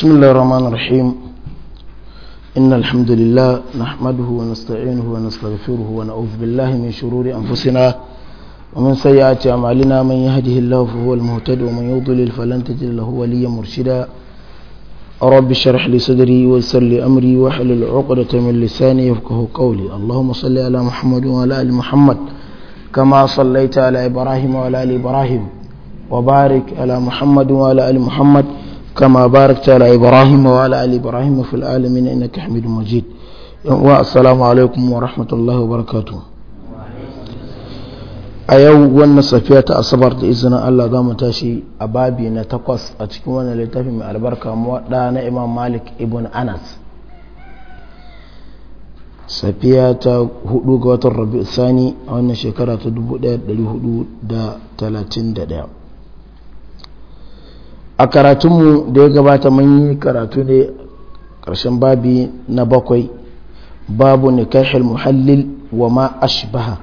بسم الله الرحمن الرحيم إن الحمد لله نحمده ونستعينه ونستغفره ونعوذ بالله من شرور أنفسنا ومن سيئات أعمالنا من يهده الله فهو المهتد ومن يضلل فلن تجد له وليا مرشدا رب اشرح لي صدري ويسر لي أمري واحلل عقدة من لساني يفقه قولي اللهم صل على محمد وعلى آل محمد كما صليت على إبراهيم وعلى آل إبراهيم وبارك على محمد وعلى آل محمد كما باركت على إبراهيم وعلى آل إبراهيم في العالمين إنك حميد مجيد السلام عليكم ورحمة الله وبركاته a yau wannan safiya ta asabar da izinin Allah za mu tashi a babi na takwas a cikin wannan littafi mai albarka muwaɗa na imam malik ibn anas safiya ta hudu ga watan rabi'u sani a wannan shekara ta 1431 a karatunmu da ya gabata mun yi karatu ne ƙarshen babi na bakwai babu nikahil muhallil wa ma ashbaha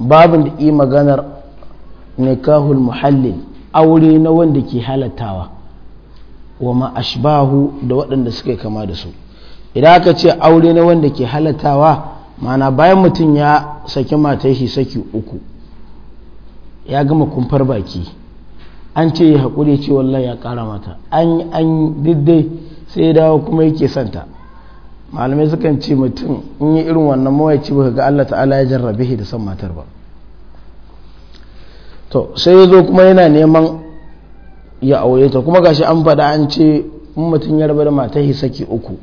babu da yi maganar nikahul muhallil aure na wanda ke halattawa wa ma ashbahu da waɗanda suka kama da su idan aka ce aure na wanda ke halattawa mana bayan mutum ya saki mata shi saki uku ya gama kumfar baki an ce ya haƙuri ce wallahi ya ƙara mata an an diddai sai ya dawo kuma yake santa malamai sukan ce mutum in yi irin wannan mawaici ba ga Allah ta'ala ya jarrabe shi da san matar ba to sai ya zo kuma yana neman ya aure ta kuma gashi an faɗa an ce in mutum ya raba da matar shi saki uku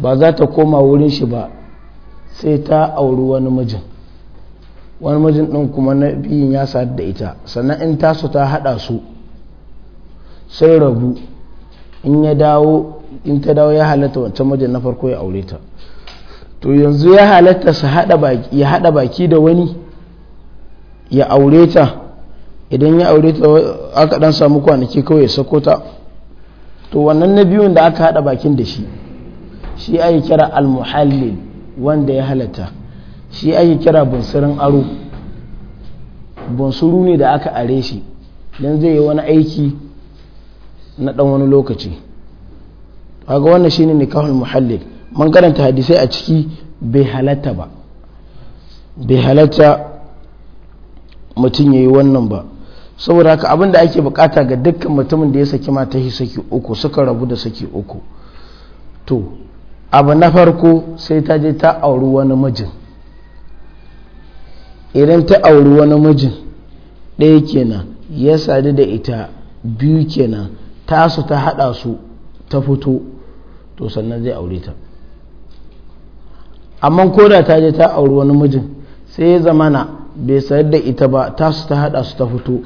ba za ta koma wurin shi ba sai ta auri wani mijin wani mijin ɗin kuma na biyun ya sa da ita sannan in taso ta haɗa su sai rabu in ya dawo in ta dawo ya halatta wancan mijin na farko ya aure ta to yanzu ya halatta su haɗa baki da wani ya aure ta idan ya aure ta aka ɗan samu kwanaki kawai ya sako ta to wannan na biyun da aka haɗa bakin da shi shi ayi kira al wanda ya halatta shi ake kira bunsurin aro bunsuru ne da aka are shi don zai yi wani aiki na ɗan wani lokaci kaga wannan ne nikahun muhallil man karanta hadisai a ciki bai halatta ba bai halatta mutum ya yi wannan ba saboda haka abin da ake bukata ga dukkan mutumin da ya saki mata shi saki uku suka rabu da saki uku to abu na farko sai ta je ta auri wani mijin idan ta auri wani mijin ɗaya kenan ya sadu da ita biyu kenan tasu ta haɗa su ta fito to sannan zai aure ta amma ko da ta je ta auri wani mijin sai ya zamana bai sayar da ita ba tasu ta haɗa su ta fito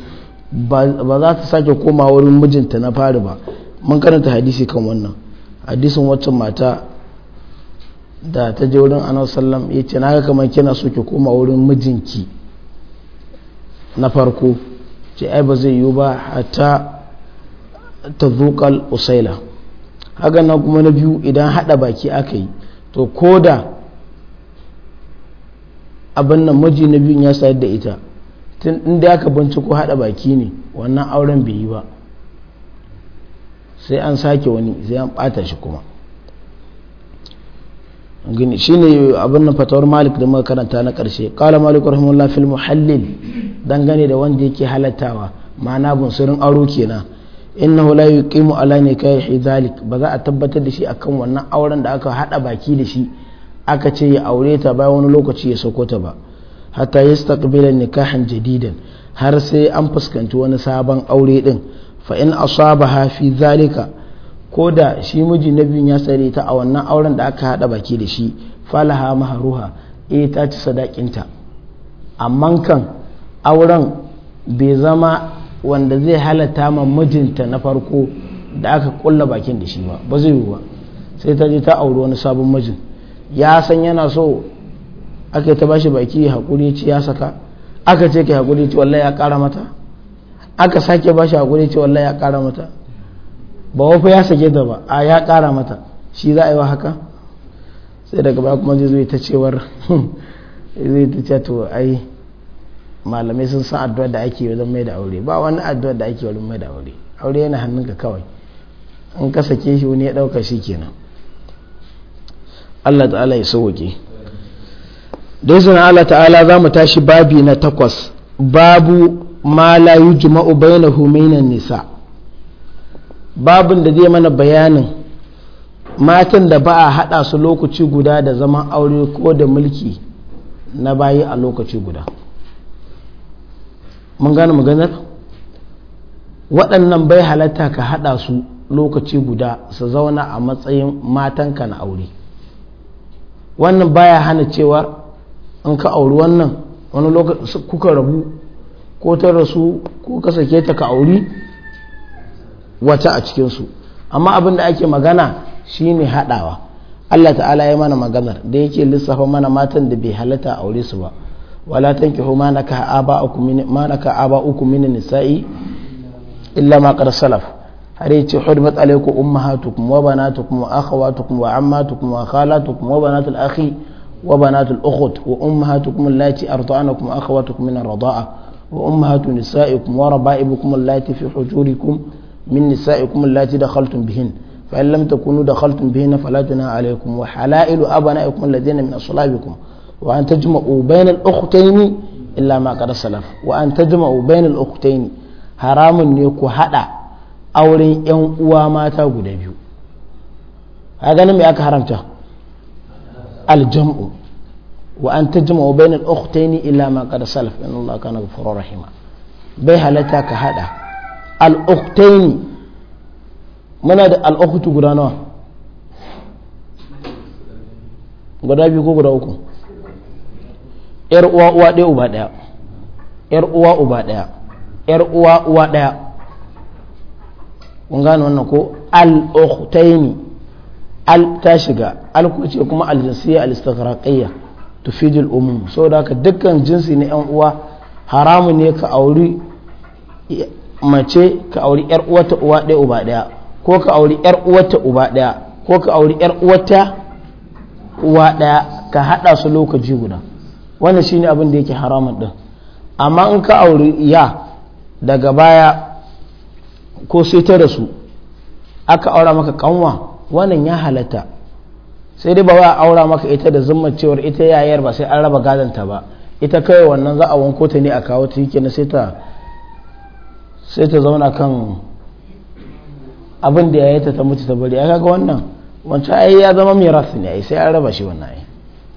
ba za ta sake koma wurin mijinta na fari ba mun karanta hadisi kan wannan hadisin waccan mata da ta je wurin annabi sallam ya ce na naga kamar kina so ki koma wurin mijinki na farko ce ai ba zai yiwu ba hatta ta zuƙal usaila haka nan kuma na biyu idan haɗa baki aka yi to ko da abin nan miji na biyun ya sayar da ita tun inda aka binciko haɗa baki ne wannan auren bai yi ba sai an sake wani sai an ɓata shi kuma shi shine abin na fatawar malik da muka karanta na karshe ƙala malik rahimahullah fil muhallil dangane da wanda yake halatawa ma'ana gunsurin aro kenan hula yi yuqimu ala nikahi dhalik ba za a tabbatar da shi akan wannan auren da aka haɗa baki da shi aka ce ya aure ta bayan wani lokaci ya sauko ta ba hatta yastaqbila nikahan jadidan har sai an fuskanci wani sabon aure ɗin fa in asabaha fi zalika ko da shi miji na biyun ya sare ta a wannan auren da aka haɗa baki da shi falaha maharuha eh ta ci sadakinta amma kan auren bai zama wanda zai halatta ma mijinta na farko da aka kulla bakin da shi ba ba zai yi ba sai ta je ta auri wani sabon mijin ya san yana so aka yi ta bashi baki haƙuri ci ya saka aka ce ka haƙuri ci wallahi ya ƙara mata aka sake bashi hakuri ci wallahi ya ƙara mata ba wafa ya sake ta ba a ya kara mata shi za a yi wa haka sai daga baya kuma zai ta cewar zai ta ce to ai malamai sun san addu'a da ake wajen mai da aure ba wani addu'a da ake wajen mai da aure aure yana hannunka kawai in ka sake shi wani ya ɗauka shi kenan Allah ta'ala ya sauke da izinin Allah ta'ala za mu tashi babi na takwas babu ma la yujma'u bainahu minan nisa' babin da zai mana bayanin matan da ba a haɗa su lokaci guda da zaman aure ko da mulki na bayi a lokaci guda mun gane maganar waɗannan bai halatta ka haɗa su lokaci guda su zauna a matsayin matanka na aure wannan baya hana cewa in ka auri wannan wani lokaci kuka rabu ko ta rasu ko ka sake ta ka auri wata a cikinsu amma abin da ake magana shine haɗawa Allah ta'ala ya mana maganar da yake lissafa mana matan da bai halatta aure su ba wala tankihu ma naka aba'ukum min uku naka aba'ukum min nisa'i illa ma qad salaf har yace hurmat alaykum ummahatukum wa banatukum wa akhawatukum wa ammatukum wa khalatukum wa banatul akhi wa banatul ukhut wa ummahatukum allati arda'anakum wa akhawatukum min ar-rida'a wa ummahatu nisa'ikum wa raba'ibukum allati fi hujurikum min nisa'ikum allati dakhaltum bihin fa in lam takunu dakhaltum bihin fala junaha alaykum wa halailu abnaikum alladhina min aslabikum wa an tajma'u bayna al-ukhtayn illa ma qad wa an tajma'u bayna al-ukhtayn haramun ne ku hada auren yan uwa mata guda biyu a me aka haramta aljam'u wa an tajma'u bayna al-ukhtayn illa ma qad inna allaha kana ghafurur rahima bai halatta ka haɗa. al'uktaini muna da al'ukutu guda nawa guda biyu ko guda uku yar uwa uwa ɗaya uba ɗaya yar uwa uba ɗaya yar uwa uwa ɗaya kun gano wannan ko al'uktaini al ta shiga al ce kuma al-jinsiyya al-istighraqiyya tufidul umum saboda ka dukkan jinsi na yan uwa haramun ne ka auri mace ka auri yar uwata uwa ɗaya uba ɗaya ko ka auri yar uwata uba ɗaya ko ka auri yar uwata uwa ɗaya ka haɗa su lokaci guda wannan shine abin da yake haramun ɗin. amma in ka auri ya daga baya ko sai ta rasu aka aura maka kanwa wannan ya halatta sai dai ba wa aura maka ita da zumman cewar ita yayar ba sai an raba gadanta ba ita kai wannan za a wanko ta ne a kawo ta yake na sai ta sai ta zauna kan abin da ya yi ta mutu ta bari ya kaga wannan wancan ayi ya zama rasu ne sai an raba shi wannan kuma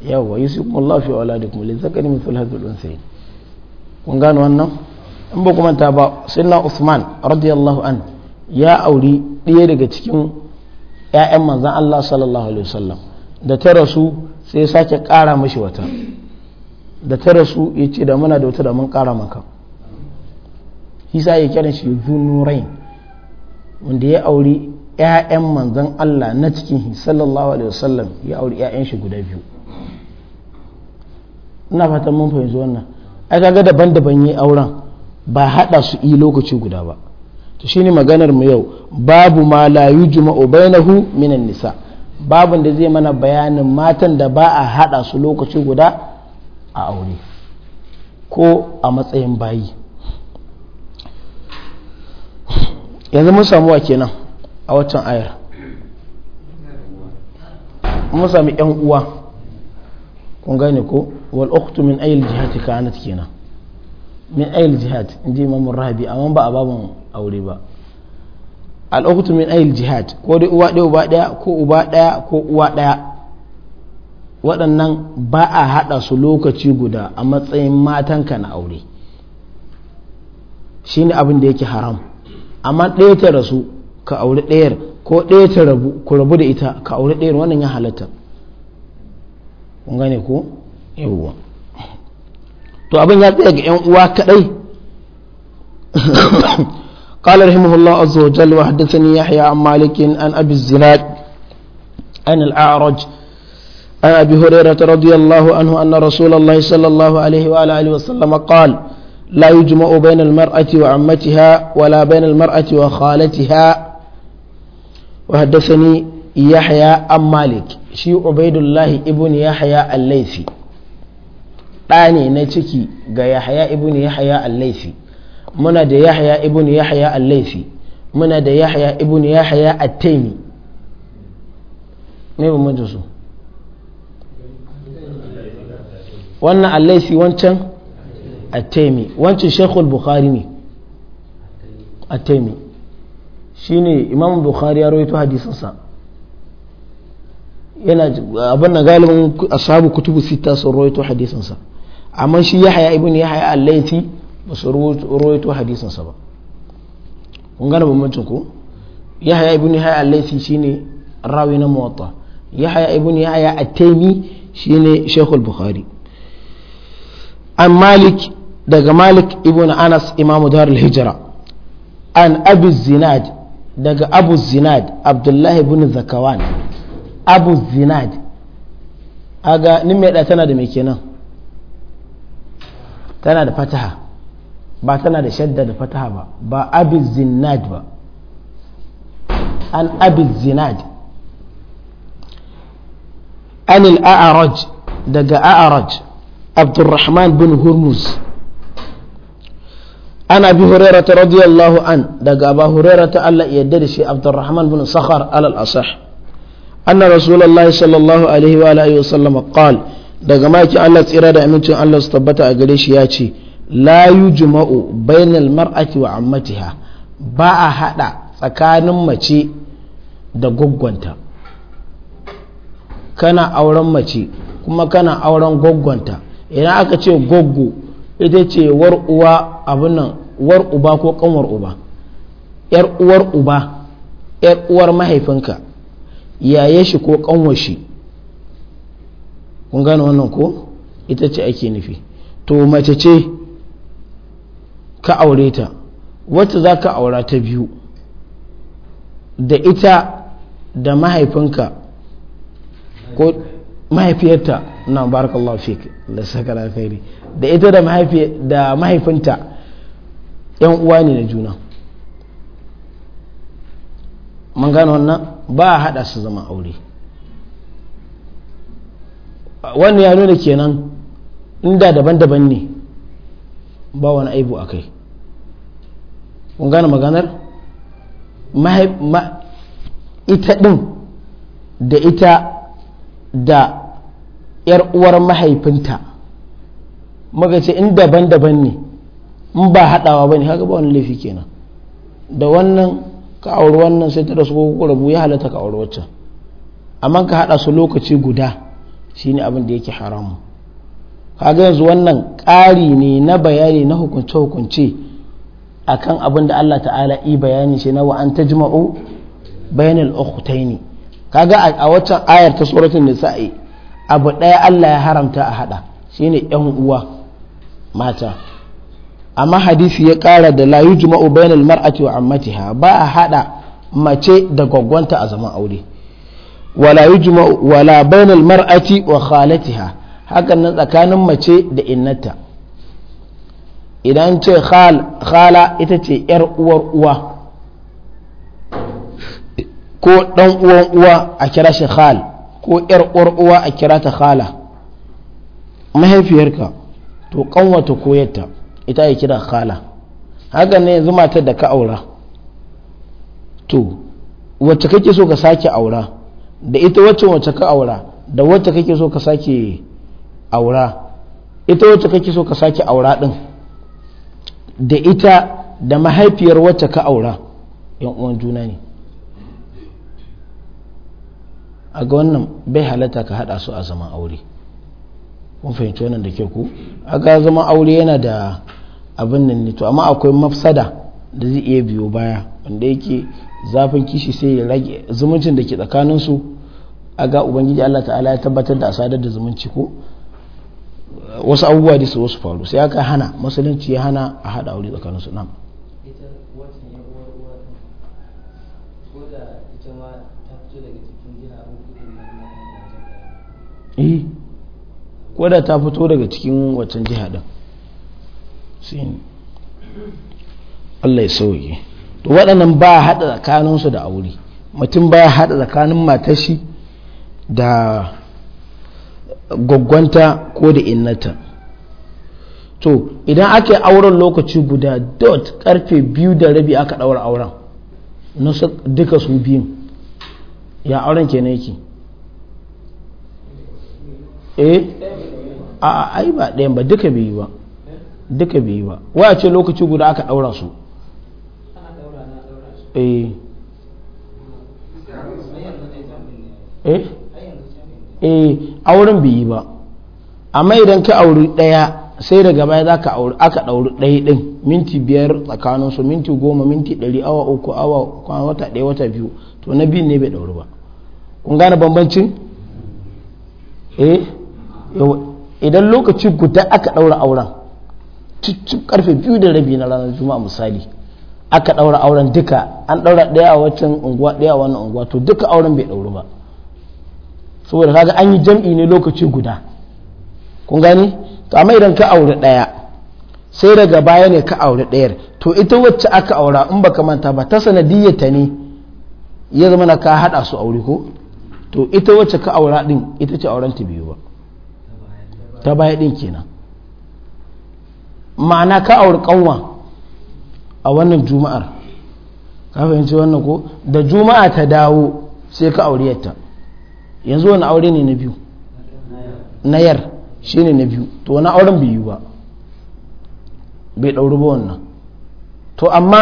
yawa yusikum Allah fi auladikum li zakari mai sulhar al-unsay kun gano wannan in ba kuma ta ba sayyidina Usman radiyallahu an ya auri ɗaya daga cikin ƴaƴan manzan Allah sallallahu alaihi wasallam da ta rasu sai sake ƙara mashi wata da ta rasu ce da muna da wata da mun ƙara maka isa ya kiran shi zunurain wanda ya auri ‘ya'yan manzan Allah na cikin sallallahu alaihi wasallam ya auri ‘ya'yan shi guda biyu ina fatan mun fahimci wannan ai kaga daban-daban yi auren ba haɗa su yi lokaci guda ba to shine maganar mu yau babu ma la yujma'u bainahu minan nisa babu da zai mana bayanin matan da ba a haɗa su lokaci guda a aure ko a matsayin bayi yanzu mun samu a kenan a watan ayar mun sami yan uwa kun gane ko wal uktu min ayil jihati kanat kenan min ayil jihad inji imam rabi amma ba a baban aure ba al uktu min ayil jihad ko dai uwa ɗaya uba ɗaya ko uba daya ko uwa ɗaya waɗannan ba a haɗa su lokaci guda a matsayin matanka na aure shi ne abin da yake haram amma ɗaya ta rasu ka auri ɗayar ko ɗaya ta rabu ku rabu da ita ka auri ɗayar wannan ya halatta kun gane ko yawwa to abin ya tsaya ga yan uwa kadai قال رحمه الله عز وجل وحدثني يحيى عن مالك عن ابي الزناد عن الاعرج عن ابي هريره رضي الله عنه ان رسول الله صلى الله عليه وعلى اله وسلم قال لا يجمع بين المرأة وعمتها ولا بين المرأة وخالتها وحدثني يحيى أم مالك شي عبيد الله ابن يحيى الليثي ɗane na ciki ga yahaya ibn yahaya al-laifi muna da yahaya ibn yahaya al-laifi muna da yahaya ibn yahaya at-taimi me ba mun su wannan al-laifi wancan at-taimi shekul bukhari ne at-taimi shine imam bukhari ya rawaito hadisinsa yana abin na galibin ashabu kutubu sita sun rawaito hadisinsa amma shi yahya ibn yahya al-laiti ba su rawaito hadisinsa ba kun gane bambancin ko yahya ibn yahya al-laiti shine rawi na muwatta yahya ibn yahya at-taimi shine shaykhul bukhari an malik daga malik ibn anas imamu dar al-hijra an abu zinad daga abu zinad abdullahi ibn zakawan abu zinad aga ni mai tana da me kenan tana da fataha ba tana da shadda da fataha ba ba abu zinad ba an abu zinad an al-a'raj daga a'raj abdurrahman bin hurmus ana bi hurairah radiyallahu an daga aba hurairah ta Allah yadda da shi abdurrahman bin sakhar alal asah anna rasulullahi sallallahu alaihi wa alihi wasallam qal daga maki Allah tsira da aminci Allah su tabbata a gare shi ya ce la yujma'u bainal mar'ati wa ammatiha ba a hada tsakanin mace da gwaggwanta kana auren mace kuma kana auren gwaggwanta idan aka ce goggo ita ce war uwa abin war uba ko kanwar uba yar uwar uba yar uwar mahaifinka yaye shi ko kanwar shi kun gane wannan ko ita ce ake nufi to mace ce ka aure ta wacce za ka aura ta biyu da ita da mahaifinka ko mahaifiyarta na barakallahu fik da saka alkhairi da ita da mahaifinta yan uwa ne na juna man gano wannan ba a haɗa su zama aure wannan ya nuna kenan inda daban-daban ne ba wani aibu a kai mun gane maganar ita ɗin da ita da 'yar uwar mahaifinta magace in daban-daban ne in ba haɗawa ba ne haka ba wani laifi kenan da wannan ka auri wannan sai ta rasu ko rabu ya halatta ka auri waccan amma ka haɗa su lokaci guda shine abin da yake haramu kaga yanzu wannan ƙari ne na bayani na hukunce-hukunce akan abin da Allah ta'ala i bayani shi na wa an tajma'u bainal ukhtaini kaga a waccan ayar ta suratul nisa'i abu ɗaya Allah ya haramta a haɗa shine yan uwa mata amma hadisi ya kara da la yujma'u bainal mar'ati wa ammatiha ba a hada mace da gwaggwanta a zaman aure wala yujma'u wala bainal mar'ati wa khalatiha hakan nan tsakanin mace da innata idan ce khala ita ce yar uwar uwa ko dan uwan uwa a kira shi khal ko yar uwar uwa a kira ta khala mahaifiyarka to kanwata koyarta ita ya kira khala haka ne yanzu matar da ka aura to wacce kake so ka sake aura da ita wacce wacce ka aura da wacce kake so ka sake aura ita wacce kake so ka sake aura din da ita da mahaifiyar wacce ka aura yan uwan juna ne a ga wannan bai halatta ka hada su a zaman aure kun fahimci wannan da ke ku a ga zama aure yana da abin nan ne to amma akwai mafsada da zai iya biyo baya wanda yake zafin kishi sai ya rage zumuncin da ke tsakanin su ga ubangiji Allah ta'ala ya tabbatar da asadar da zumunci ko wasu abubuwa da su wasu faru sai aka hana musulunci ya hana a haɗa aure tsakanin su nan eh ko ta fito daga cikin waccan jiha ɗin. Allah ya sauke to waɗannan ba haɗa tsakaninsu da aure mutum ba haɗa tsakanin matashi da gwaggwanta ko da innata to idan aka yi auren lokaci guda dot karfe biyu da rabi aka ɗaura auren na duka su biyun ya auren kenan yake eh a ai ba ɗayan ba duka biyu ba duka biyu ba waya ce lokaci guda aka ɗaura su eh eh, eh auren biyu ba amma idan ka auri ɗaya sai daga baya za ka aka ɗauri ɗaya ɗin minti biyar tsakanin su minti goma minti ɗari awa uku awa kwana wata ɗaya wata biyu to na biyu ne bai ɗauri ba kun gane bambancin eh idan lokaci guda aka ɗaura auren cikin karfe biyu da rabi na ranar juma'a misali aka ɗaura auren duka an ɗaura ɗaya a wancan unguwa ɗaya a unguwa to duka auren bai ɗauru ba saboda kaga an yi jam'i ne lokaci guda kun gani to amma idan ka aure ɗaya sai daga baya ne ka aure ɗayar to ita wacce aka aura in baka manta ba ta sanadiyyata ne ya zama na ka haɗa su aure ko to ita wacce ka aura ɗin ita ce auren ta biyu ba ta baya din kenan ma'ana ka auri kanwa a wannan juma'ar ka fahimci wannan ko da juma'a ta dawo sai ka auri yatta yanzu wani aure ne na biyu nayar shi ne na biyu to wani auren biyu ba bai ɗauri ba wannan to amma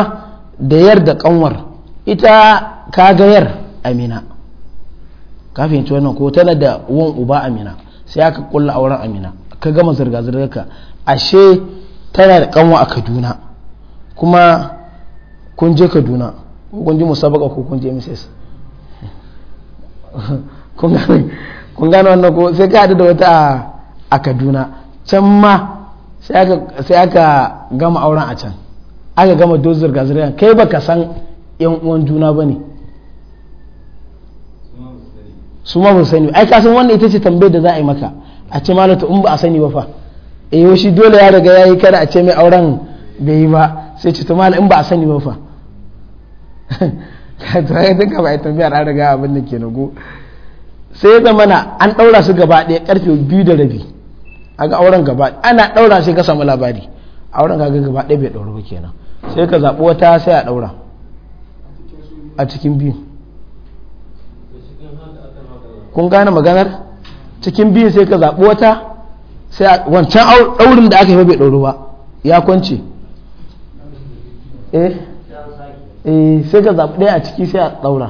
da yar da kanwar ita ka ga yar amina ka fahimci wannan ko tana da wan uba amina sai aka kulla auren amina ka gama zirga-zirgar ka ashe tana da kanwa a kaduna kuma kun je kaduna kun ji musabaka ko kun je mrs kun gano wannan ko sai ka haɗu da wata a kaduna can ma sai aka gama auren a can aka gama dozir zirga-zirga kai baka san yan uwan juna ba ne su ma ba sani ai kasan wannan ita ce tambayar da za a yi maka a ce malata in ba a sani ba fa eh shi dole ya riga yayi kada a ce mai auren bai yi ba sai ce to mal in ba a sani ba fa to ai duka ba tambayar an riga abin da ke nago sai da mana an daura su gaba ɗaya karfe biyu da rabi a ga auren gaba ana daura sai ka samu labari auren kaga gaba ɗaya bai daura ba kenan sai ka zaɓi wata sai a daura a cikin biyu kun gane maganar cikin biyu sai ka zaɓi wata sai wancan ɗaurin da aka yi bai ɗauru ba ya kwance eh? eh sai ka zaɓi ɗaya a ciki sai a ɗaura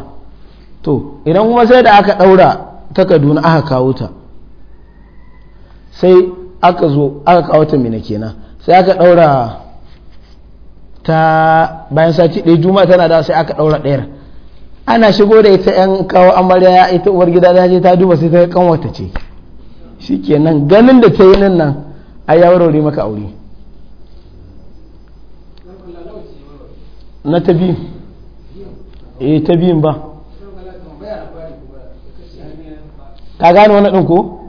to idan kuma sai da aka ɗaura ta kaduna aka kawo ta sai aka zo aka kawo ta mina kenan sai aka ɗaura ta bayan sati ɗaya juma'a tana da sai aka ɗaura ɗayar ana shigo da ita yan kawo amarya ita uwar gida ta je ta duba sai ta kanwata ce shikenan ganin da ta yi nan nan a ya warware maka aure na ta biyu eh ta biyun ba ka gane wani ɗin ko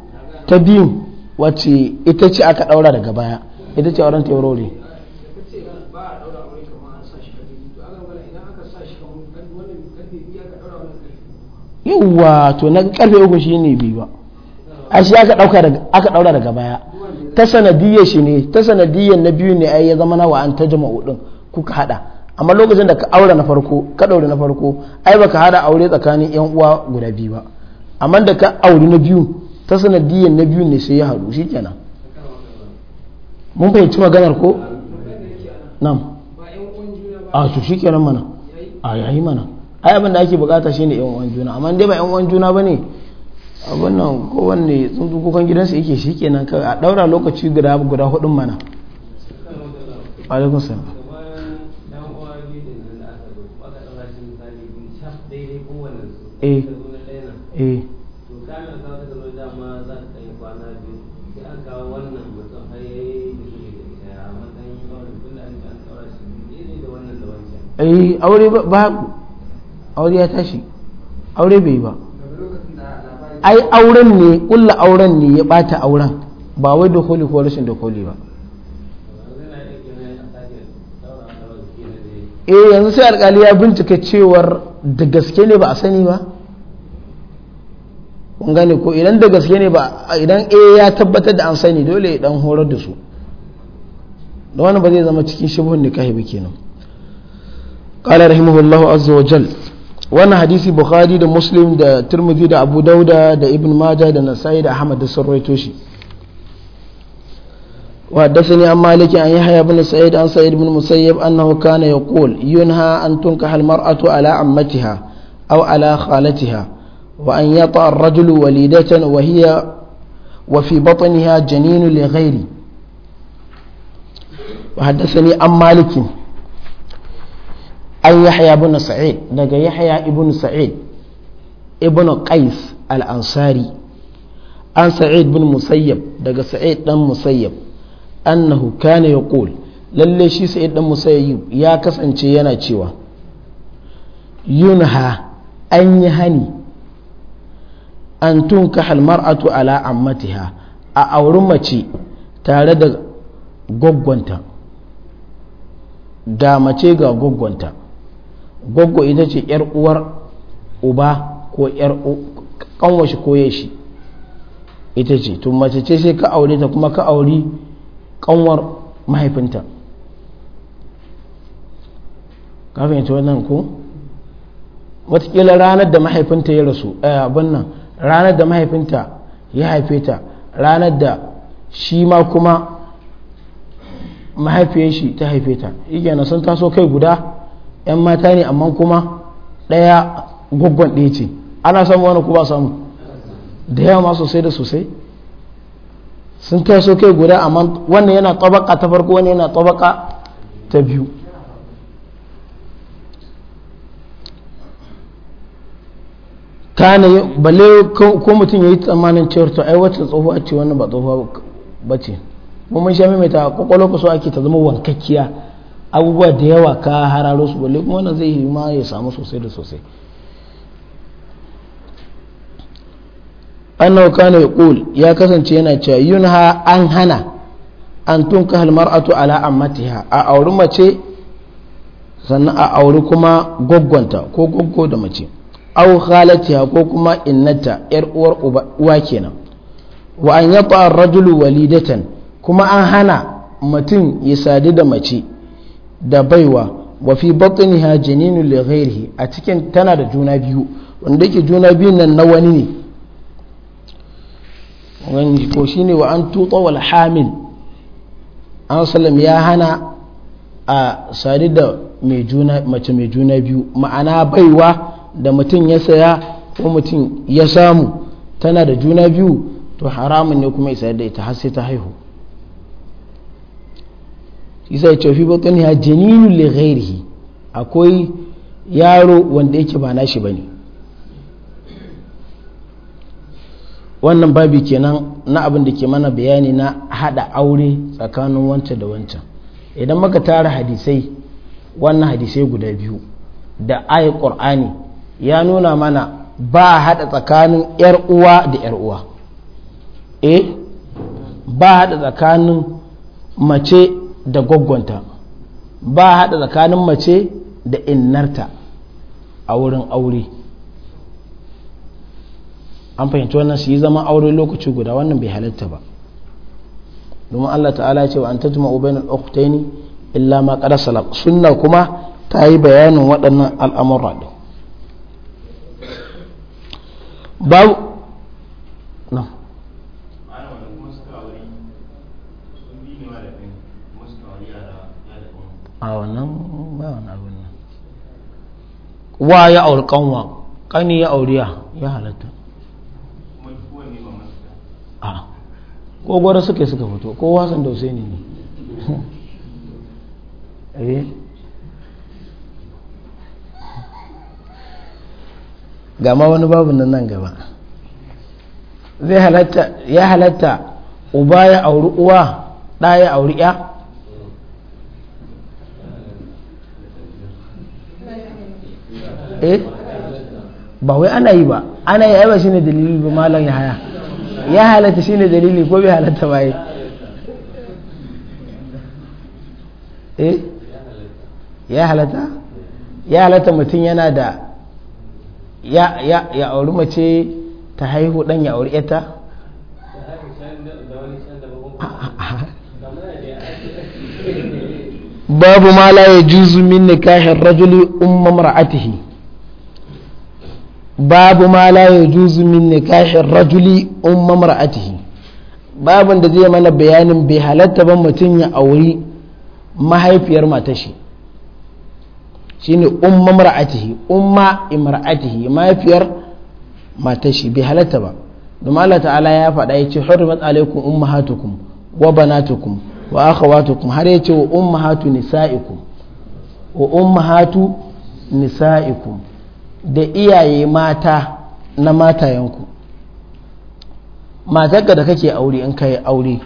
ta biyu wacce ita ce aka ɗaura daga baya ita ce auren ta warware yawwa to na karfe uku shi ne biyu ba a shi aka ɗaura daga baya ta sanadiyar shi ne ta sanadiyar na biyu ne ai ya zama na an ta jama'u din kuka haɗa amma lokacin da ka aure na farko ka ɗaure na farko ai baka haɗa aure tsakanin yan uwa guda biyu ba amma da ka aure na biyu ta sanadiyar na biyu ne sai ya haɗu shi kenan mun fahimci maganar ko nam a to shi kenan mana a yayi mana ai abin da ake bukata shine yan uwan juna amma dai ba yan uwan juna ne abin nan kowanne tsuntsu kukan gidansu yake shi nan kawai a daura lokaci guda guda hudun mana alaikum salam eh, eh. aure babu aure ya tashi aure bai ba ai auren ne kulla auren ne ya bata auren ba wai da koli ko rashin da koli ba eh yanzu sai alkali ya bincika cewar da gaske ne ba a sani ba kun gane ko idan da gaske ne ba idan eh ya tabbatar da an sani dole ya dan horar da su da wani ba zai zama cikin shibhun nikahi ba kenan qala rahimahullahu azza wa jalla wannan hadisi bukhari da muslim da turmuzi da abu dauda da ibn maja da nasai da ahmad da sun roito shi an maliki an yi haya bin sa'id an sa'id bin musayyaf annahu kana yaqul yunha an tunka hal mar'atu ala ammatiha aw ala khalatiha wa an yata ar-rajul walidatan wa hiya wa fi batniha janin an maliki an yahya ibn sa'id daga yahya ibn sa'id ibn qais al-ansari an sa'id ibn musayyab daga sa'id dan musayyab annahu kana yaqul lalle shi sa'id dan musayyab ya kasance yana cewa yunha an yi hani an tunka mar'atu ala ammatiha a auren mace tare da gwaggwanta da mace ga gwaggwanta goggo ita ce yar uwar uba ko yar kanwashi ko yashi ita ce to mace ce sai ka aure ta kuma ka auri kanwar mahaifinta ka fahimci wannan ko watakila ranar da mahaifinta ya rasu a eh, abin nan ranar da mahaifinta ya haife ta ranar da shi ma kuma mahaifiyar shi ta haife ta iya sun taso kai guda 'yan mata ne amma kuma ɗaya gwaggon ɗaya ce ana samu wani kuma samu da yawa sosai da sosai sun so kai guda amma wannan yana tabaka ta farko wannan yana tabaka ta biyu kana balle ko mutum ya yi tsammanin cewar ta ai wacce tsohuwa ce wannan ba tsohuwa ba ce mun sha maimaita kwakwalwa ku so ake ta zama wankakkiya abubuwa da yawa ka hararo su balle kuma wannan zai yi ma ya samu sosai da sosai annahu kana kul ya kasance yana cewa yunha an hana an tunka almar'atu ala ammatiha a auri mace sannan a auri kuma gwaggwanta ko goggo da mace aw khalatiha ko kuma innata yar uwar uwa kenan wa an yata ar-rajulu walidatan kuma an hana mutum ya sadu da mace da baiwa wa fi batniha janinun li ghairihi a cikin tana da juna biyu wanda yake juna biyun nan na wani ne wani ko shine wa an tuta wal hamil an sallam ya hana a sari da mace mai juna biyu ma'ana baiwa da mutum ya saya ko mutum ya samu tana da juna biyu to haramun ne kuma isa da ita har sai ta haihu isa ya cewa fi batni ha janinu le ghairihi akwai yaro wanda yake ba nashi ba ne wannan babi kenan na abin da ke mana bayani na hada aure tsakanin wancan da wancan idan maka tara hadisai wannan hadisai guda biyu da ayi qur'ani ya nuna mana ba hada tsakanin yar uwa da yar uwa eh ba hada tsakanin mace da gwaggwanta ba haɗa tsakanin mace da innarta a wurin aure an fahimci wannan su yi zama aure lokaci guda wannan bai halitta ba domin Allah ta'ala ce wa an tajma obin al ni illa ma qad salam sunna kuma ta yi bayanin waɗannan al'amura a wannan ba wani abin nan wa ya auri kanwa kani ya auriya ya halatta a ko gwada suke suka fito ko wasan da ne ne eh. gama wani babu nan nan gaba zai halatta ya halatta uba ya auri uwa ɗaya ya auri ya Eh? ba wai ana yi ba ana yi ba shine dalili ba malam ya haya ya halatta shine dalili ko bai halatta ba eh ya halatta ya halatta mutum yana da ya ya ya auri mace ta haihu dan ya auri ita babu ma la yajuzu min nikahi rajuli umma mar'atihi babu ma la juzu min nikahin rajuli umma mar'atihi babin da zai mana bayanin bai halatta ban mutum ya auri mahaifiyar shi shine umma mar'atihi umma imra'atihi mahaifiyar shi bai halatta ba domin Allah ta'ala ya faɗa yace hurmat alaikum ummahatukum wa banatukum wa akhawatukum har ya ce wa ummahatu nisa'ikum wa ummahatu nisa'ikum da iyaye mata na matayenku matarka da kake aure in ka yi aure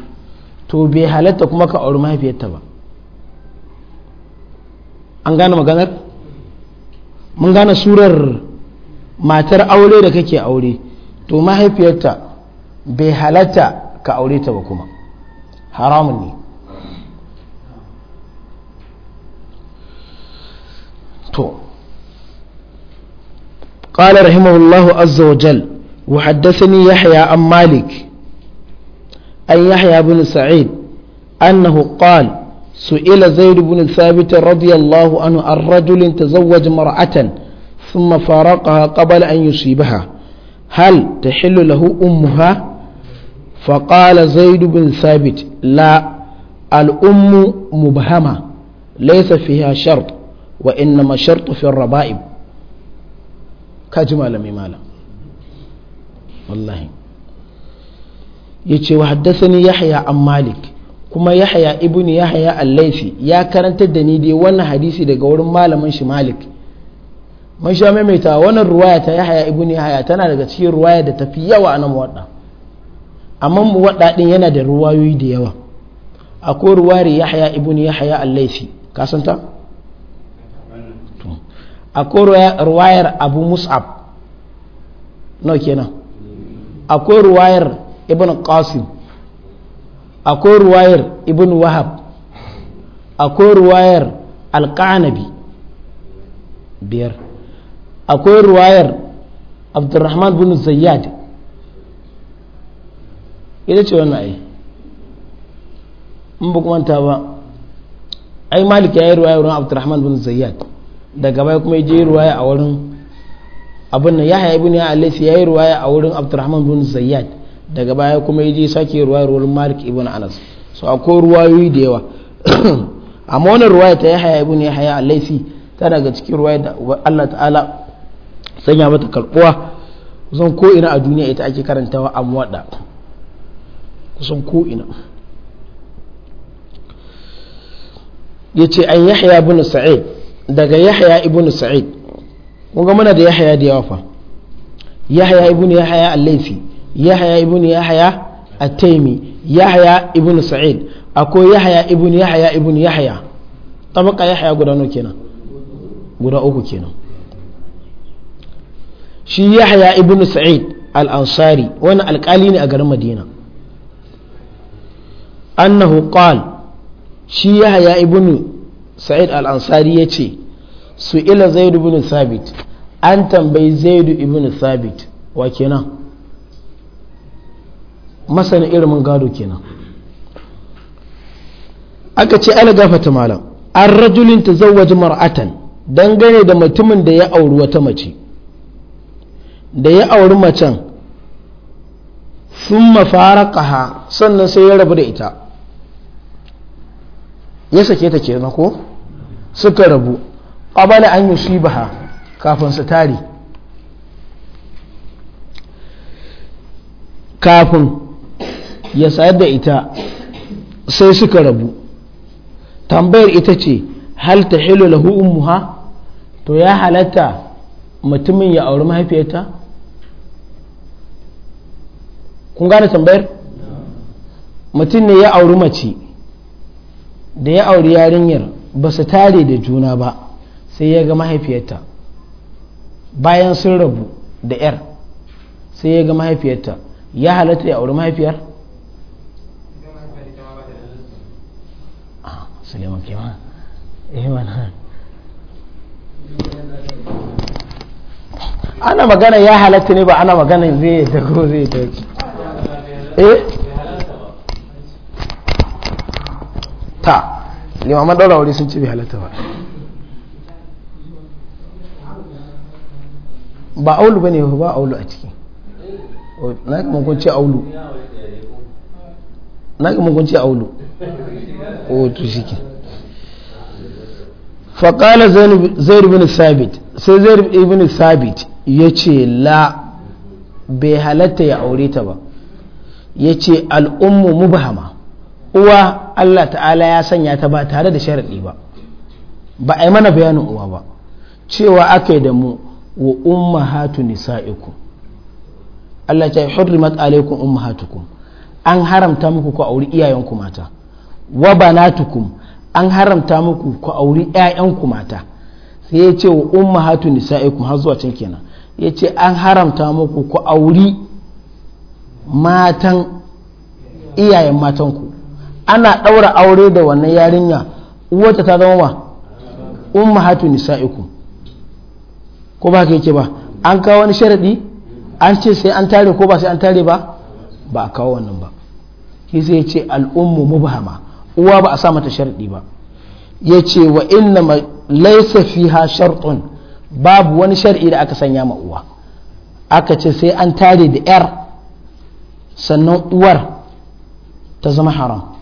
to bai halatta kuma ka auri mahaifiyarta ba an gane maganar mun gane surar matar aure da kake aure to mahaifiyarta bai halatta ka aure ta ba kuma haramun ne to قال رحمه الله عز وجل وحدثني يحيى عن مالك أن يحيى بن سعيد أنه قال سئل زيد بن ثابت رضي الله عنه عن رجل تزوج مرأة ثم فارقها قبل أن يصيبها هل تحل له أمها فقال زيد بن ثابت لا الأم مبهمة ليس فيها شرط وإنما شرط في الربائب ka malami malam wallahi ya ce wa ni yahya an malik kuma yahya ibn yahya al-laifi ya karantar da ni dai wannan hadisi daga wurin malamin shi malik mun sha maimaita wannan ruwaya ta yahya ibn yahya tana daga cikin ruwaya da tafi yawa a nan muwadda amma muwadda din yana da ruwayoyi da yawa akwai ruwayar yahya ibn yahya al-laifi ka san ta akwai ruwayar abu mus'ab no kenan akwai ruwayar ibn qasim akwai ruwayar ibn wahab akwai ruwayar alƙanabi biyar akwai ruwayar abdurrahman bin zayyad ita ce wannan ai in ba kuma ta ba ai malik ya yi ruwayar abdurrahman bin zayyad daga baya kuma je ruwaya a wurin abin nan ne a alisi ya yi ruwaya a wurin abdurrahman bin zayyad daga baya kuma je sake ruwaya wurin malik ibn anas so akwai ruwayoyi da yawa amma wannan ruwaya ta ya ibn ne al alisi ta daga cikin ruwaya da Allah ta'ala sanya mata karbuwa kusan ko ina a duniya ita ake karantawa a muwadda kusan ko ina ce an yahya bin sa'id daga yahya ibn sa'id kun ga muna da yahya da yawa fa yahya ibn yahya al-laythi yahya ibn yahya at-taymi yahya ibn sa'id akwai yahya ibn yahya ibn yahya tabaka yahya guda nawa kenan guda uku kenan shi yahya ibn sa'id al-ansari wani alkali ne a garin madina annahu qal shi yahya ibn sa'id al-ansari ya ce su ila zaidu ibn thabit an tambayi zaidu ibn thabit wa kenan masana ilimin gado kenan aka ce ala gafata malam an rajulin ta zawaji mar'atan dangane da mutumin da ya auri wata mace da ya auri macen sun kaha sannan sai ya rabu da ita ya sake ta kenan ko suka rabu qabala an yusibaha kafin su tare kafin ya sayar da ita sai suka rabu tambayar ita ce hal ta hilo lahu ummuha to ya halatta mutumin ya auri mahaifiyarta kun gane tambayar mutum ne ya auri mace da ya auri yarinyar ba su tare da juna ba sai ya ga mahaifiyarta bayan sun rabu da 'yar sai ya ga mahaifiyarta ya halatta ya auri mahaifiyar? Ah, eh, ana magana ya halatta ne ba ana magana zai dago zai dago eh limaman ɗaura wuri sun ci bai halatta ba ba aulu ba ba aulu a ciki oh, na ga mugunci aulu na ga aulu o oh, to shi ke faƙala zair bin sabit sai zair bin sabit ya ce la bai halatta ya aure ta ba ya ce al'ummu mubahama uwa Allah ta'ala ya sanya ta ba tare da sharaɗi ba ba a yi mana bayanin uwa ba cewa aka yi da mu wa umma ummahatu nisa'ikum Allah ta yi hurrimat alaikum ummahatukum an haramta muku ku auri iyayenku mata wa banatukum an haramta muku ku auri ƴaƴanku mata sai ya ce wa ummahatu nisa'ikum har zuwa can kenan ya ce an haramta muku ku auri matan iyayen matanku ana ɗaura aure da wannan yarinya uwata ta zama wa ummahatu nisa'ikum ko ba yake ba an kawo wani sharadi an ce sai an tare ko ba sai an tare ba ba a kawo wannan ba shi sai ya ce al'ummu mubhama uwa ba a sa mata sharadi ba ya ce wa inna laisa fiha shartun babu wani shar'i da aka sanya ma uwa aka ce sai an tare da yar sannan uwar ta zama haram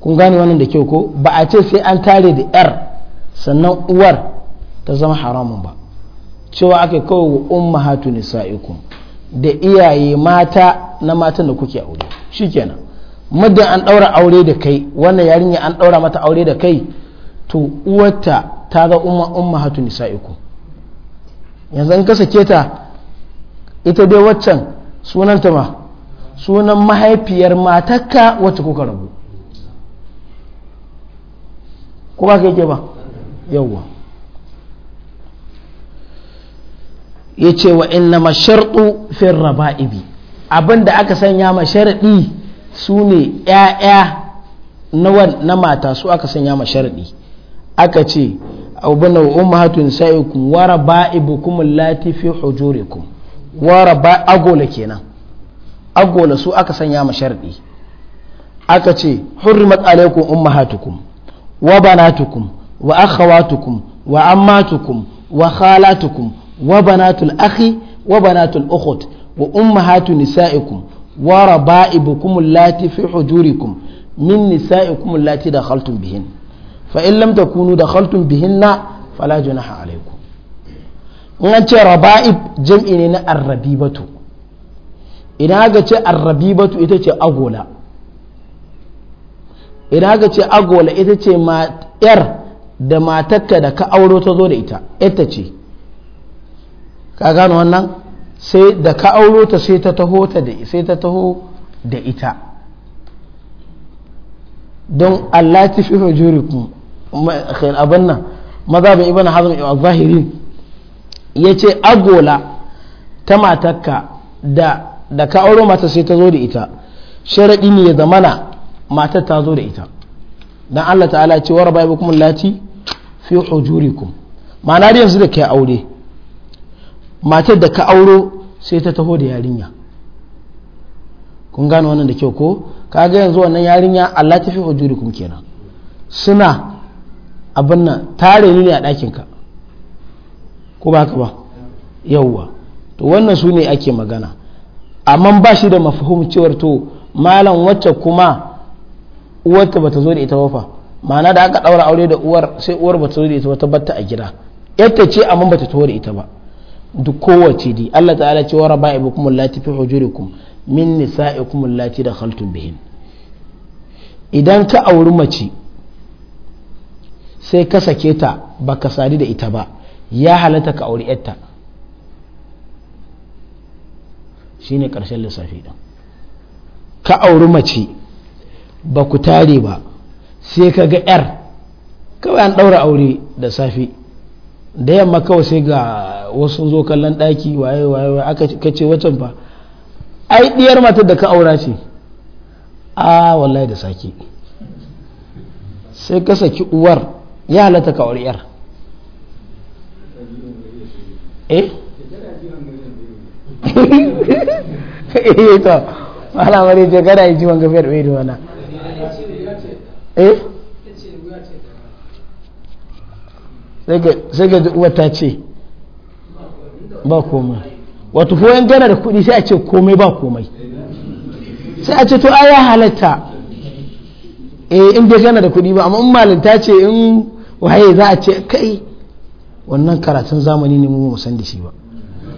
kun gane wannan da kyau ko ba a ce sai an tare da yar sannan uwar ta zama haramun ba cewa aka kawo wa umma ummahatu nisa'ikum da iyaye mata na matan da kuke aure shikenan muddin an ɗaura aure da kai wannan yarinya an ɗaura mata aure da kai to uwarta ta ga umma umma ummahatu nisa'ikum yanzu an kasa keta ita dai waccan sunanta ma sunan mahaifiyar matakka wacce kuka rabu ko ba ka yake ba yawwa ya ce wa inna masharɗu fin raba'ibi aka sanya masharɗi su ne ‘ya'ya na mata su aka sanya masharɗi aka ce abubana wa ummahatun sa'ikum wa raba'ibukum allati fi hujurikum wa ba agola kenan agola su aka sanya masharɗi aka ce hurrimat alaikum hatukun wa banatukum wa akhawatukum wa ammatukum wa khalatukum wa banatul aki wa banatul ukhut wa ummahatu nisaikum wa raba'ibukum allati fi hujurikum min nisaikum allati dakhaltum bihin fa in lam takunu dakhaltum bihinna fala junaha alaykum in an ce raba'ib jam'i ne na arrabibatu idan aka ce arrabibatu ita ce agola idan haka ce agwala ita ce yar da matakka da ka auro ta zo da ita ita ce ka gano wannan sai da ka auro ta sai ta taho ta da sai ta taho da ita don Allah ta fi hujurikum khair abin nan mazhabin ibn hazm al-zahiri yace agola ta matakka da da ka auro mata sai ta zo da ita sharadi ne ya zamana matar ta zo da ita dan Allah ta'ala ce wa rabai lati fi hujurikum ma'ana da yanzu da kai aure matar da ka auro sai ta taho da yarinya kun gane wannan da kyau ko kaga yanzu wannan yarinya Allah ta fi hujurikum kenan suna abin nan tare ne a ɗakin ka ko ba ka ba yawwa to wannan su ne ake magana amma ba shi da mafahimcewar to malam wacce kuma uwarta bata zo da ita wafa ma'ana da aka ɗaura aure da uwar sai uwar bata zo da ita wata batta a gida yadda ce amma bata taho da ita ba duk kowace di Allah ta'ala ce wa raba'ibukum allati fi hujurikum min nisa'ikum allati dakhaltum bihin idan ka auri mace sai ka sake ta baka sadi da ita ba ya halatta ka auri yarta shine karshen lissafi din ka auri mace ba ku tare ba sai ka ga yar kawai an ɗaura aure da safe da yamma kawai sai ga wasu zo kallon ɗaki waye waye aka kace wacan fa ai diyar matar da ka aura ce a wallahi da sake sai ka saki uwar ya halatta ka aure yar eh eh to malamari je kada yi jiwon gafiyar bai da wana eh sai ga uwar ta ce ba komai wato ko yan gana da kuɗi sai a ce komai ba komai sai a ce to a ya halatta eh in dai gana da kuɗi ba amma in malinta ce in waye za a ce kai wannan karatun zamani ne mu san da shi ba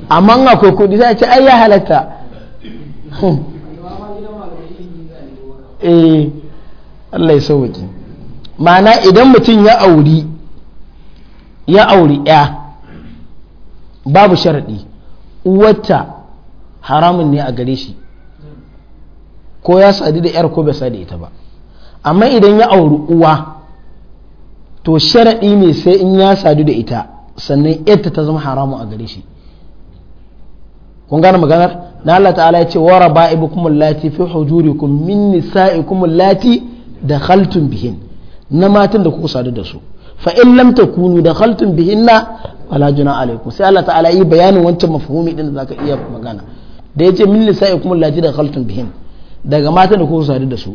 amma in akwai kuɗi sai a ce ai ya halatta eh Allah ya sauwaki ma'ana idan mutum ya auri ya auri ya babu sharaɗi uwarta haramun ne a gare shi ko ya sadu da 'yar ko bai sadu ita ba amma idan ya auri uwa to sharaɗi ne sai in ya sadu da ita sannan yadda ta zama haramun a gare shi kun gane maganar na Allah ta'ala ya ce wa raba'ibukum allati fi hujurikum min nisa'ikum allati da khaltun bihin na matan da kuka sadu da su fa in lam takunu da khaltun bihinna wala juna alaikum sai Allah ta'ala yi bayanin wancan mafhumi din da zaka iya magana da yace min kuma allati da khaltun bihin daga matan da kuka sadu da su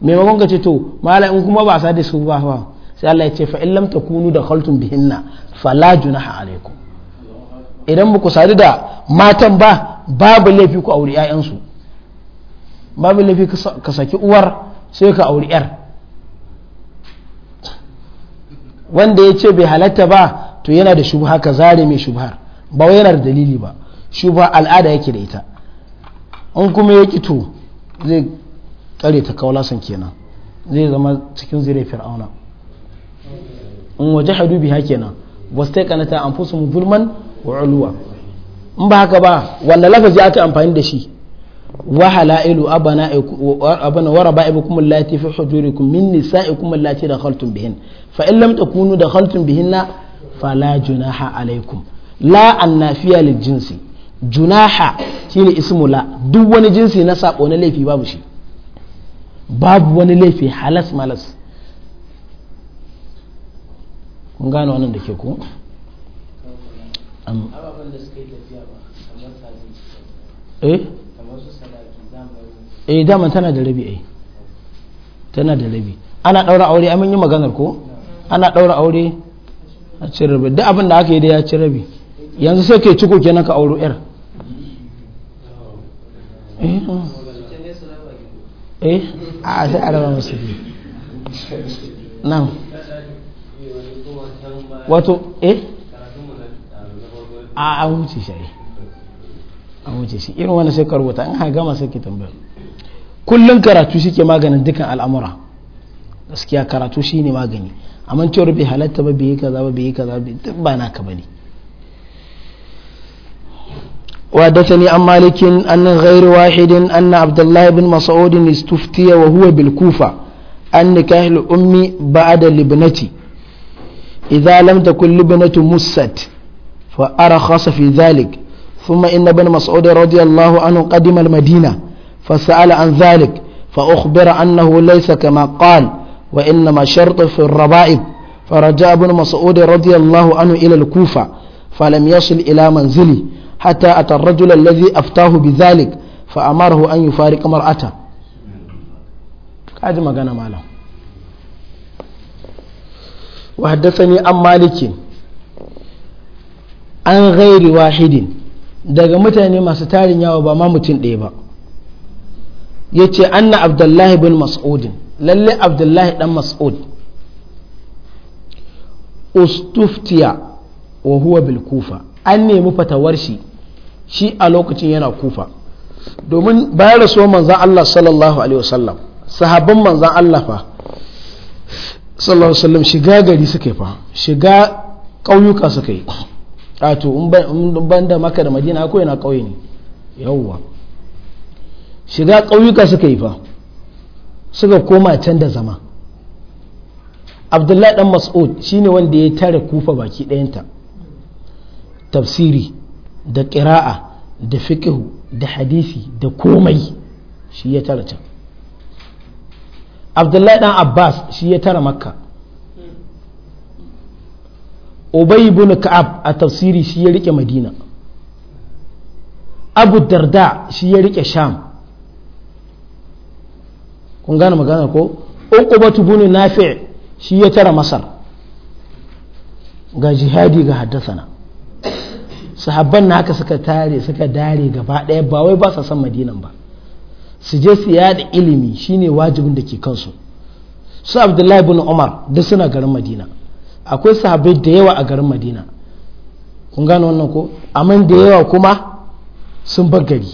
maimakon ka ce to mala in kuma ba sadu da su ba ba sai Allah ya ce fa in lam takunu da khaltun bihinna fala juna alaikum idan ba sadu da matan ba babu laifi ku aure 'ya'yansu babu laifi ka saki uwar sai ka auri yar wanda ya ce bai halatta ba to yana da shubha ka zare mai shubhar ba wai yana da dalili ba shubha al'ada yake da ita in kuma ya to zai tsare ta lasan kenan zai zama cikin zire fir'auna in waje hadu biya kenan wasu ta kanata an fusu mu zulman wa in ba haka ba wanda lafazi aka amfani da shi وحلائل أبنائكم وربائبكم اللاتي في حجوركم من نسائكم اللاتي دخلتم بهن فإن لم تكونوا دخلتم بهن فلا جناح عليكم لا النافية للجنس جناح شيني اسم لا دو wani jinsi na sabo na laifi babu shi babu wani laifi halas malas kun gano wannan da ke ku eh eh dama tana da rabi ai tana da rabi ana daura aure amin yi maganar ko ana daura aure a cin rabi duk abin da aka yi da ya ci rabi yanzu sai ke ciko ke ka auro yar eh, eh? a sai araba musu musu nan wato eh a an wuce shi a wuce shi irin wani sai ka rubuta in ha gama sai ki tambaya kullun karatu shi ke maganin dukkan al'amura gaskiya karatu shi ne magani amma cewar bai halatta ba bai yi kaza ba bai yi kaza ba duk ba naka ba ne وحدثني عن مالك أن غير واحد أن عبد الله بن مسعود استفتي وهو بالكوفة عن نكاح الأم بعد لابنتي إذا لم تكن لابنة مست فأرخص في ذلك ثم إن ابن مسعود رضي الله عنه قدم المدينة فسأل عن ذلك فأخبر أنه ليس كما قال وإنما شرط في الربائب فرجع ابن مسعود رضي الله عنه إلى الكوفة فلم يصل إلى منزله حتى أتى الرجل الذي أفتاه بذلك فأمره أن يفارق مرأته كاد ما كان ماله وحدثني عن مالك عن غير واحد daga mutane masu tarin yawa ba ma mutum ɗaya ba ya ce anna abdullahi bin mas'udin lalle abdullahi dan mas'ud ustuftiya wa huwa bil kufa an nemi fatawar shi shi a lokacin yana kufa domin bayan rasuwar manzan Allah sallallahu alaihi wasallam sahabban manzan Allah fa sallallahu alaihi wasallam shiga gari suka fa shiga ƙauyuka suka yi a ah, to in ban da maka da madina ko yana ƙauye ne yawwa shiga ƙauyuka suka yi fa suka koma can da zama abdullahi dan mas'ud shine wanda ya tare kufa baki ɗayanta tafsiri da ƙira'a da fiƙihu da hadisi da komai shi ya tara can abdullahi dan abbas shi ya tara makka ubay ibn ka'ab a tafsiri shi ya rike madina abu darda shi ya rike sham kun gane magana ko uqubatu ibn nafi' shi ya tara masar ga jihadi ga haddasana sahabban na haka suka tare suka dare gaba ɗaya ba wai ba sa san madinan ba su je su yada ilimi shine wajibin da ke kansu su abdullahi ibn umar duk suna garin madina akwai sahabai da yawa a garin madina kun gane wannan ko amma da yawa kuma sun bar gari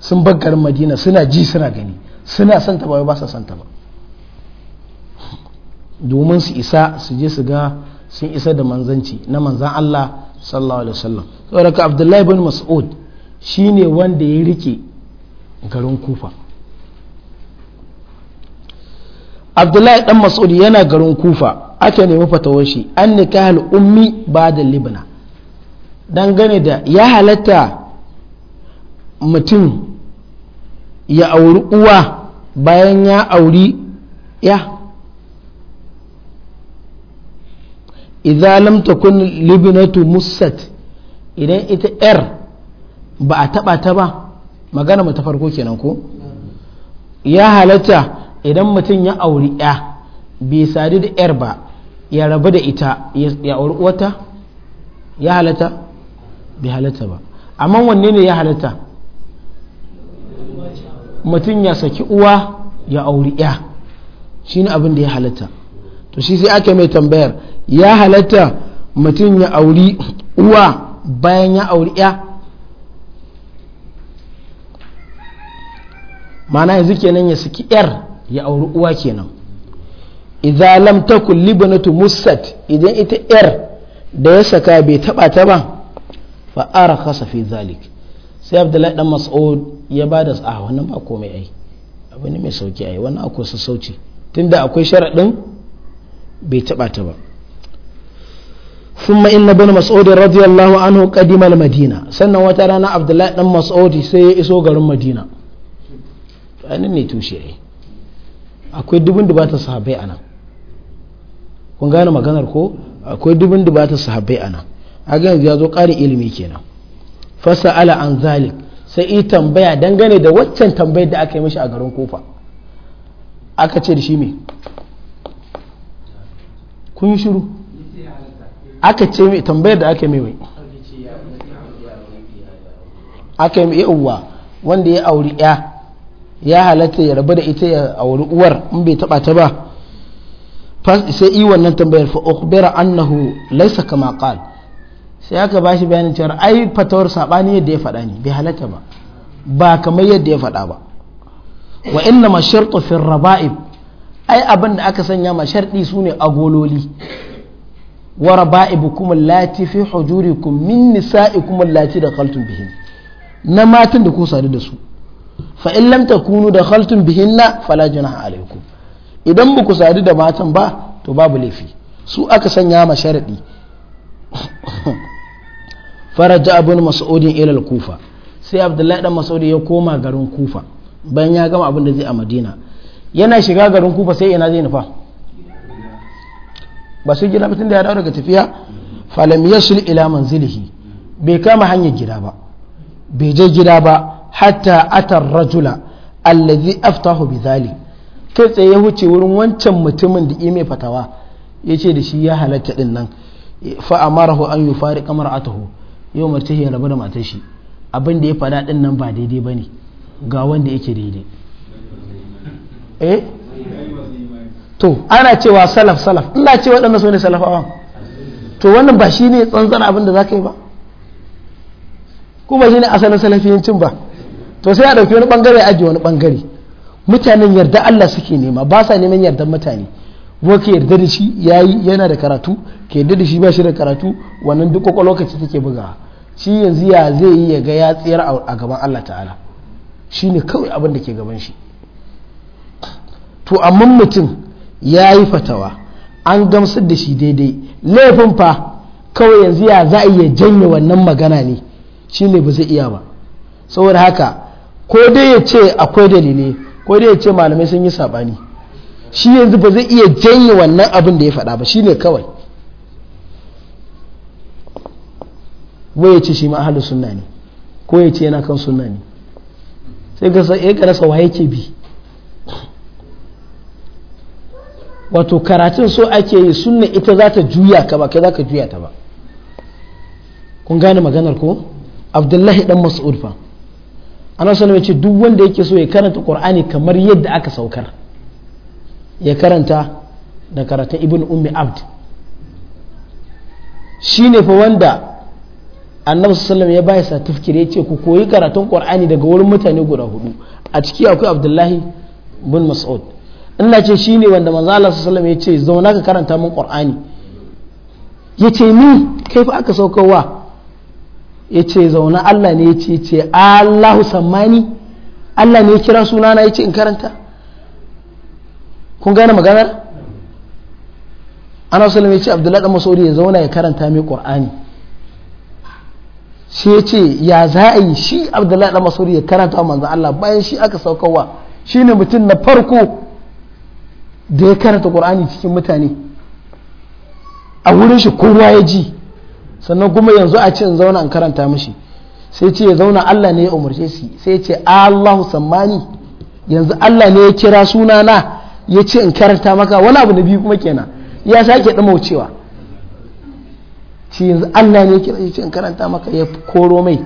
sun bar garin madina suna ji suna gani suna son ta ba ba sa son ta ba domin su isa su je su ga sun isa da manzanci na manzan Allah sallallahu alaihi wasallam saboda ka Abdullahi bin Mas'ud shine wanda ya rike garin Kufa Abdullahi dan Mas'ud yana garin Kufa aka nemi fatawar shi an nikahal al'ummi ba da libna gane da ya halatta mutum ya auri uwa bayan ya auri ya lam takun libnatu musat idan ita yar ba a taba ta ba magana mu ta farko kenan ko ya halatta idan mutum ya auri ya bai sadu da yar ba ya raba da ita ya wata ya halatta bai halatta ba amma wanne ne ya halatta mutum ya saki uwa ya auri ya shi ne abin da ya halatta to shi sai ake mai tambayar ya halatta mutum ya auri uwa bayan ya auri ya mana yanzu kenan ya saki yar ya auri uwa kenan idza lam takul libnatu musat idan ita yar da ya saka bai taba ta ba fa arkhasa fi zalik sai abdullahi dan mas'ud ya ba da a ah, wannan ba komai ai abu ne mai sauki ai wannan akwai sassauci tunda akwai sharadin bai taba ta ba ثم إن ابن مسعود رضي الله عنه قدم المدينة سنة وترانا عبد الله بن مسعود سي إسو غرم مدينة أنا نيتو شيء أكو دبن دبات الصحابي أنا kun gane maganar ko akwai dubin dubatar sahabbai ana ga yanzu ya zo ƙarin ilimi kenan fasa ala an zalik sai yi tambaya dangane da waccan tambayar da aka yi mishi a garin kofa aka ce da shi me kun yi shiru aka ce mai tambayar da aka yi mai aka yi mai uwa wanda ya auri ya ya halatta ya rabu da ita ya auri uwar in bai taba ta ba sai yi wannan tambayar fa ukhbira annahu laysa kama qal sai aka bashi bayanin cewa ai fatawar sabani yadda ya faɗa ne bai halaka ba ba kamar yadda ya faɗa ba wa inna ma shartu fi raba'ib ai abin da aka sanya ma sharɗi sune agololi wa raba'ibukum allati fi hujurikum min nisa'ikum allati dakhaltum bihin na matan da ku sadu da su fa in lam takunu dakhaltum bihinna fala junaha alaykum idan ba ku sadu da matan ba to babu laifi su aka sanya ma sharaɗi faraja abin odin ilal kufa sai abdullahi dan masaudi ya koma garin kufa bayan ya gama abin da zai a madina yana shiga garin kufa sai ina zai nufa ba sai gida fitin da ya dawo daga tafiya falam yasul ila manzilihi bai kama hanyar gida ba bai je gida ba hatta atar rajula allazi aftahu bi kai tsaye ya huce wurin wancan mutumin da ime fatawa ya ce da shi ya halatta din nan mara amarahu an yi fari kamar atahu yau marta ya rabu da matar shi abin da ya fada din nan ba daidai ba ne ga wanda yake daidai eh to ana cewa salaf salaf ina ce waɗanda su ne salafawan to wannan ba shi ne tsantsar abin da za ka yi ba ko ba shi ne asalin salafiyancin ba to sai a ɗauki wani ɓangare ajiye wani ɓangare mutanen yarda Allah suke nema ba sa neman yardar mutane wa ka yarda da shi yayi yana da karatu ka yarda da shi ba shi da karatu wannan duk lokaci take buga shi yanzu ya zai yi ya ya tsayar a gaban Allah ta'ala Shi ne kawai abin da ke gaban shi to amma mutum ya yi fatawa an gamsar da shi daidai laifin fa kawai yanzu ya za a iya janye wannan magana ne Shi ne ba zai iya ba saboda haka ko dai ya ce akwai dalilai ko dai ya ce malamai sun yi sabani shi yanzu ba zai iya janye wannan abin da ya faɗa ba shine kawai wai ya ce shi ma ahalu sunna ne ko ya ce yana kan sunna ne sai ka sa ka rasa wa ke bi wato karatun so ake yi sunna ita za ta juya ka ba kai za ka juya ta ba kun gane maganar ko abdullahi dan mas'ud fa ana ya ce duk wanda yake so ya karanta qur'ani kamar yadda aka saukar ya karanta da karatun ibn ummi abd shi ne fa wanda annabi sallam ya bai tafkiri ya ce ku koyi karatun qur'ani daga wurin mutane guda hudu a ciki akwai abdullahi bin mas'ud ina ce shi ne wanda manzo Allah sallam ya ce zauna ka karanta min qur'ani ya ce ni kai fa aka saukarwa ya ce zaune Allah ne ya ce ce Allahu sammani Allah ne ya kira sunana ya ce in karanta kun gane maganar ana wasu ya ce abdullahi dan masauri ya zauna ya karanta mai qur'ani shi ya ce ya za a yi shi abdullahi dan masauri ya karanta wa manzan Allah bayan shi aka saukowa shi ne mutum na farko da ya karanta qur'ani cikin mutane a wurin shi kowa ya ji sannan kuma yanzu a ce in zauna an karanta mishi sai ce ya zauna Allah ne ya umarce shi sai ce Allahu sammani yanzu Allah ne ya kira sunana ya ce in karanta maka wani abu na biyu kuma kenan ya sake dama wucewa yanzu Allah ne ya kira ce in karanta maka ya koro mai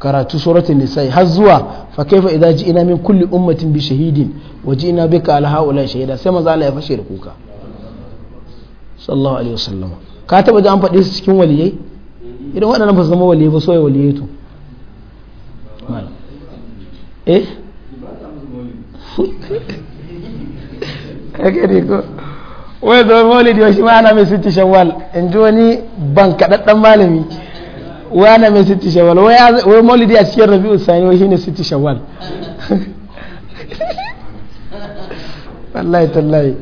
karatu suratul nisa'i har zuwa fa kaifa idza ji'na min kulli ummatin bi shahidin wa ji'na bika ala haula shahida sai maza Allah ya fashe da kuka sallallahu alaihi wasallam ka taba ji an faɗi su cikin waliyai idan waɗannan ba su zama waliyai ba soya waliyai to eh ake ne ko wai zama maulidi wa shi ma ana mai sitti shawal in ji wani ban kaɗaɗɗen malami wai ana mai sitti shawal wai maulidi a cikin rabi'u sani wai shi shine sitti shawal wallahi tallahi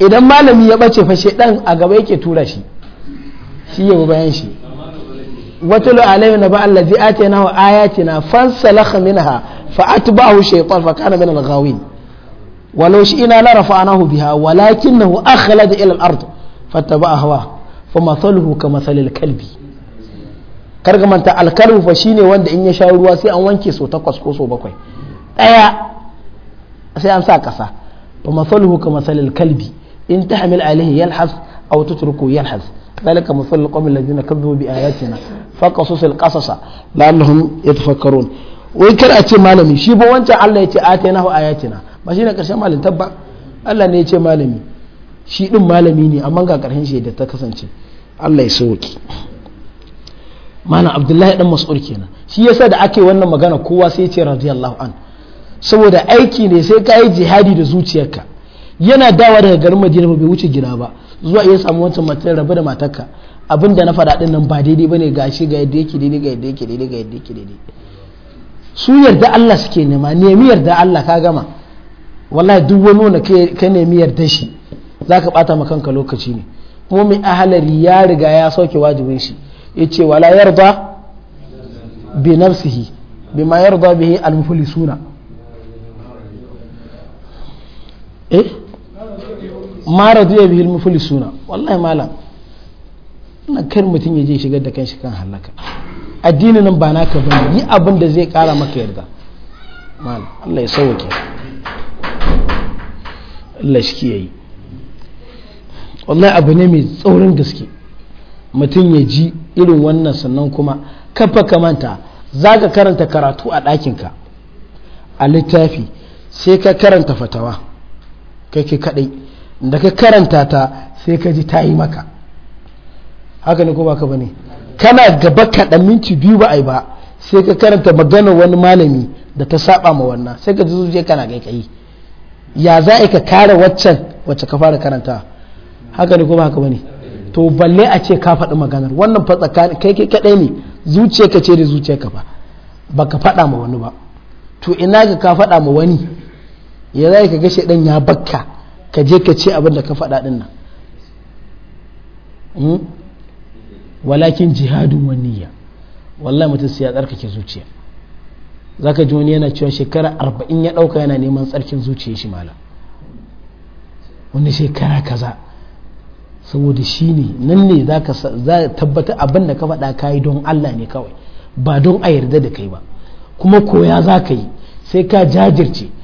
idan malami ya bace fashe shedan a gaba yake tura shi shi yabo bayan shi watulu alayhi naba allazi ataynahu na fansalakha minha fa atba'ahu shaytan fa kana min al-ghawin ولو شئنا لرفعناه بها ولكنه أخلد إلى hawa fa هواه ka كمثل الكلب karga manta alkalbu fa shine wanda in ya sha ruwa sai an wanke so takwas ko so bakwai daya sai an sa kasa fa masaluhu ka masalil kalbi in tahmil alaihi yalhas aw tutruku yalhas ذلك مثل القوم الذين كذبوا بآياتنا فقصص القصص لعلهم يتفكرون wai kar a ce malami shi ba wancan Allah ya ce ataynahu ayatina ba shine karshen malamin tabba Allah ne ya ce malami shi din malami ne amma ga karshen shi da ta kasance Allah ya sauki malam Abdullahi dan Mas'ud kenan shi yasa da ake wannan magana kowa sai ya ce radiyallahu an saboda aiki ne sai ka yi jihadi da zuciyarka yana dawa daga garin Madina ba bai wuce gida ba zuwa iya samu wancan matar rabu da matarka abin da na faɗa ɗin nan ba daidai ba ne ga shi ga yadda yake daidai ga yadda yake daidai ga yadda yake daidai su yarda Allah suke nema nemi yarda Allah ka gama wallahi duk wani wanda ka nemi yarda shi zaka bata ma kanka lokaci ne kuma mai ahalari ya riga ya sauke wajibin shi yace wala yarda bi nafsihi bima yarda bihi al-muflisuna eh ma radiya bihil suna wallahi malam na kan mutum ya je shigar da kanshi kan halaka addinin nan ba naka bane yi abin da zai kara maka yarda mala Allah ya sauke Allah shi yi wallahi abu ne mai tsaurin gaske mutum ya ji irin wannan sannan kuma kafa ka manta za ka karanta karatu a ɗakinka a littafi sai ka karanta fatawa kai ke kaɗai da ka karanta ta sai ka ji ta yi maka haka ne ko ba ka bane kana gaba kaɗan minti biyu ba a yi ba sai ka karanta maganar wani malami da ta saba ma wannan sai ka ji zuciya kana kai-kai. ya za a ka kare waccan wacce ka fara karanta haka ne ko ba ka bane to balle a ce ka faɗi maganar wannan fa tsakanin kai kai kaɗai ne ka ce da ba Ba ka faɗa ma wani ba to ina ga ka faɗa ma wani ya za ka ga shedan ya bakka ka je ka ce abin da ka faɗa ɗin nan hmm? walakin jihadun waniya wallah mutum sai ya tsarkake zuciya za ka ji wani yana cewa shekara arba'in ya ɗauka yana neman tsarkin zuciya shi mala wani shekara kaza saboda shi ne nan ne za ka tabbata abin da ka faɗa ka yi don allah ne kawai ba don a yarda da kai ba kuma koya za ka yi sai ka jajirce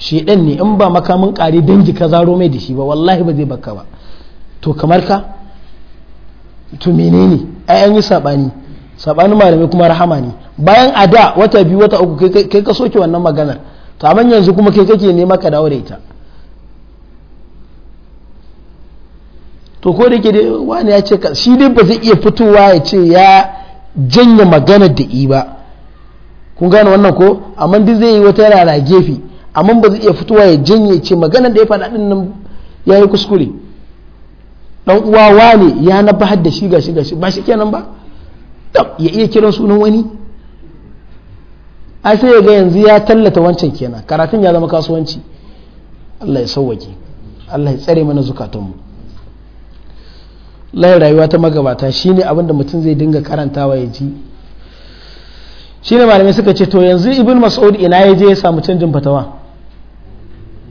shedan ne in ba makamin kare dangi ka zaro mai da shi ba wallahi ba zai baka ba to kamar ka to menene ai an yi sabani sabanin malamai kuma rahama ne bayan a da wata biyu wata uku kai ka soke wannan maganar to amma yanzu kuma kai kake nema ka dawo da ita to ko da ke da wani ya ce ka shi dai ba zai iya fitowa ya ce ya janya maganar da i ba kun gane wannan ko amma duk zai yi wata yana gefe amma ba zai iya fitowa ya janye ce magana da ya faɗa ɗin nan ya yi kuskure ɗan uwa wane ya na bahar da shi ga shi ga shi ba shi kenan ba ya iya kiran sunan wani ai sai ga yanzu ya tallata wancan kenan karatun ya zama kasuwanci Allah ya sauwake Allah ya tsare mana zukatunmu lai rayuwa ta magabata shine abin da mutum zai dinga karantawa ya ji shine malamai suka ce to yanzu ibn mas'ud ina ya je ya samu canjin fatawa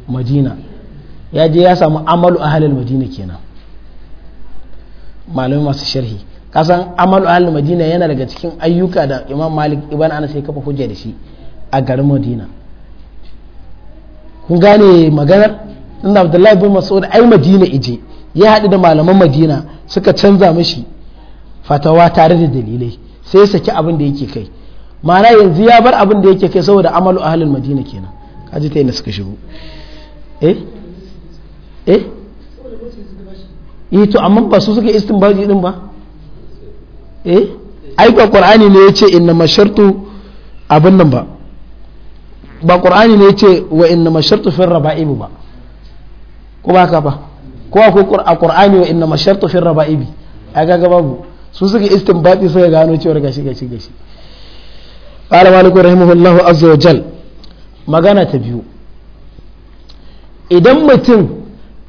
madina ya je ya samu amalu ahalil madina kenan malamai masu sharhi kasan amalu ahalil madina yana daga cikin ayyuka da imam malik ibn anas sai kafa hujja da shi a garin madina kun gane maganar inda abdullahi bin mas'ud ai madina ije ya haɗu da malaman madina suka canza mashi fatawa tare da dalilai sai ya saki abin da yake kai mana yanzu ya bar abin da yake kai saboda amalu ahalil madina kenan kaji ta yi suka shigo eh eh yi eh, to amma ba su suka istinbaji din ba eh ai ba qur'ani ne yace inna mashartu abin nan ba ba qur'ani ne yace wa inna mashartu fil raba'ibi ba ko ba ka ba ko akwai a qur'ani wa inna mashartu fil raba'ibi ai ga babu su suka istinbati sai gano cewa gashi gashi gashi qala maliku rahimahullahu azza wa jal magana ta biyu idan mutum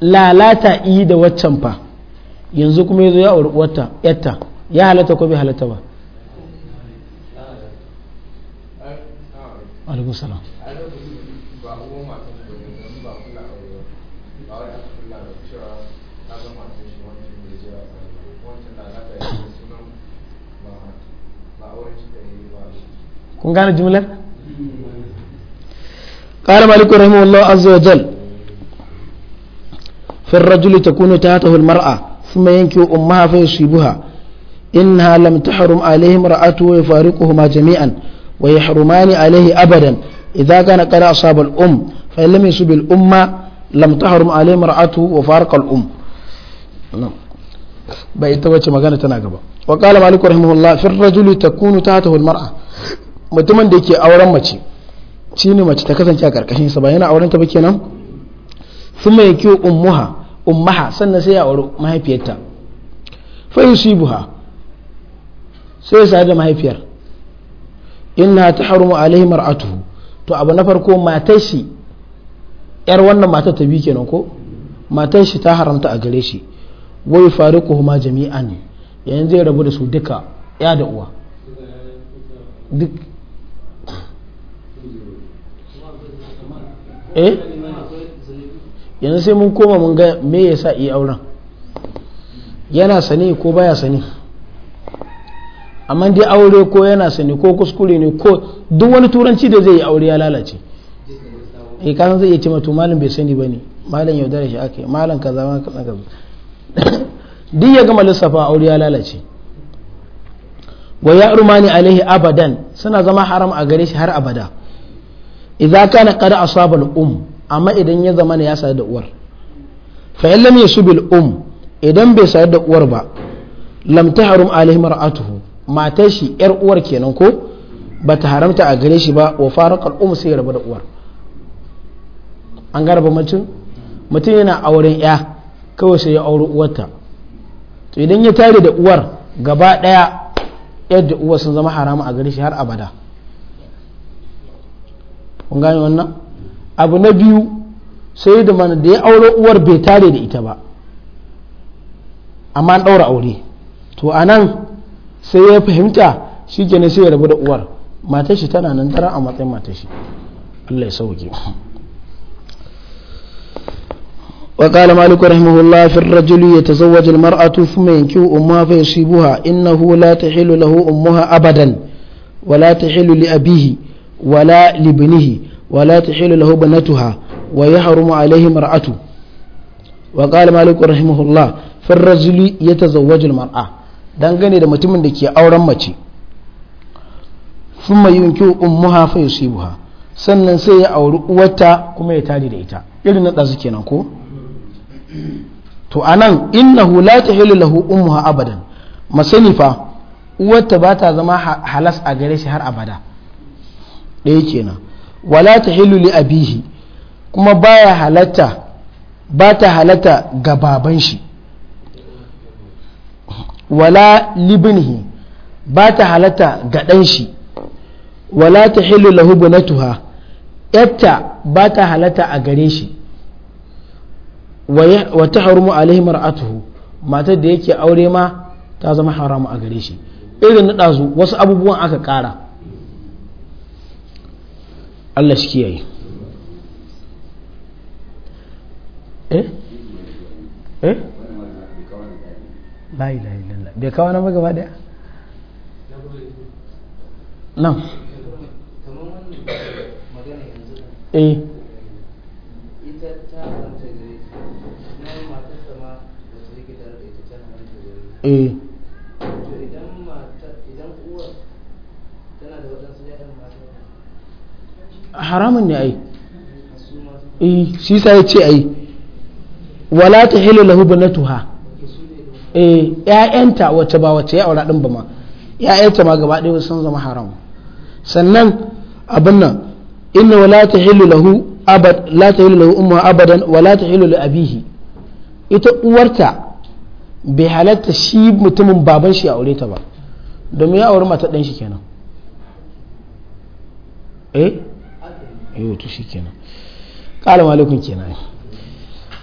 lalata yi da waccan fa yanzu kuma yazo ya auri wata yatta ya halatta ko bai halatta ba kun gane jimlar? ƙara malikun Allah azza wa jal في الرجل تكون تحته المرأة ثم ينكو أمها فيصيبها إنها لم تحرم عليه امرأته ويفارقهما جميعا ويحرمان عليه أبدا إذا كان قد أصاب الأم فإن لم يصب الأمة لم تحرم عليه امرأته وفارق الأم bai ta wacce magana tana gaba wa qala malik rahimahullah fi rajuli takunu tahtahu almar'a mutumin da yake auren mace shine mace ta kasance a karkashin sa ba yana auren ta ba kenan thumma yakiu ummuha ummaha sannan sai ya auri mahaifiyarta fa yusibuha sai sai da mahaifiyar inna ta harumu alaihi mar'atuhu to abu na farko matar shi yar wannan matar ta bi kenan ko matar shi ta haramta a gare shi wai fariquhuma jami'an yayin zai rabu da su duka ya da uwa duk eh yanzu sai mun koma mun ga me yasa iya auren yana sani ko baya sani amma dai aure ko yana sani ko kuskure ne ko duk wani turanci da zai yi aure ya lalace e eh, kasan zai iya ce mato malam bai sani ba ne malam yaudara shi aka yi malam kaza ka kaza kaza duk ya gama lissafa aure ya lalace wa ya rumani alaihi abadan suna zama haram a gare shi har abada idza kana qad asaba al um amma idan ya zama ya sayar da uwar fa in lam yasbil um idan bai sayar da uwar ba lam tahrum alaihi mar'atuhu matar shi yar uwar kenan ko ba ta haramta a gare shi ba wa farakar um sai rabu da uwar an garba mutum mutum yana auren ya kawai sai ya auri uwarta to idan ya tare da uwar gaba daya da uwar sun zama haramu a gare shi har abada kun gane wannan abu na biyu sai da mana da ya aure uwar bai tare da ita ba amma an ɗaura aure to a nan sai ya fahimta shi kenan sai ya rabu da uwar matashi tana nan tara a matsayin matar shi Allah ya sauke وقال مالك رحمه الله في الرجل يتزوج المرأة ثم ينكو أمها فيصيبها إنه لا تحل له أمها أبدا ولا تحل لأبيه ولا لابنه ولا تحل له بنتها ويحرم عليه مرأته وقال مالك رحمه الله فالرجل يتزوج المرأة dangane da mutumin da ke auren mace thumma yunki ummuha sannan sai ya auri uwarta kuma ya tare da ita irin na dazu kenan ko to anan innahu la tahillu lahu ummuha abadan masani fa uwarta ba ta zama halas a gare shi har abada ɗaya kenan wala ta hilu li abihi kuma baya halatta ba ta halatta ga baban shi wala libinhi ba ta halatta ga ɗan shi wala tahillu lahu bunatuha yatta ba ta halatta a gare shi wa ta harumu alaihi mar'atuhu matar da yake aure ma ta zama haramu a gare shi irin na ɗazu wasu abubuwan aka ƙara Allah shi kiyaye eh eh bai la ilaha illallah bai kawana ba gaba daya nan eh eh haramun ne ai eh shi sa ya ce ai wala ta hilu lahu banatuha eh ƴaƴanta wace ba wace ya aura din ba ma ƴaƴanta ma gaba ɗaya sun zama haram sannan abin nan inna wala ta hilu lahu abad la ta hilu lahu umma abadan wala ta hilu li abihi ita uwarta bai halatta shi mutumin baban shi ya aure ta ba domin ya aure mata ɗan shi kenan eh yau eh, to shi kenan ƙala malikun kenan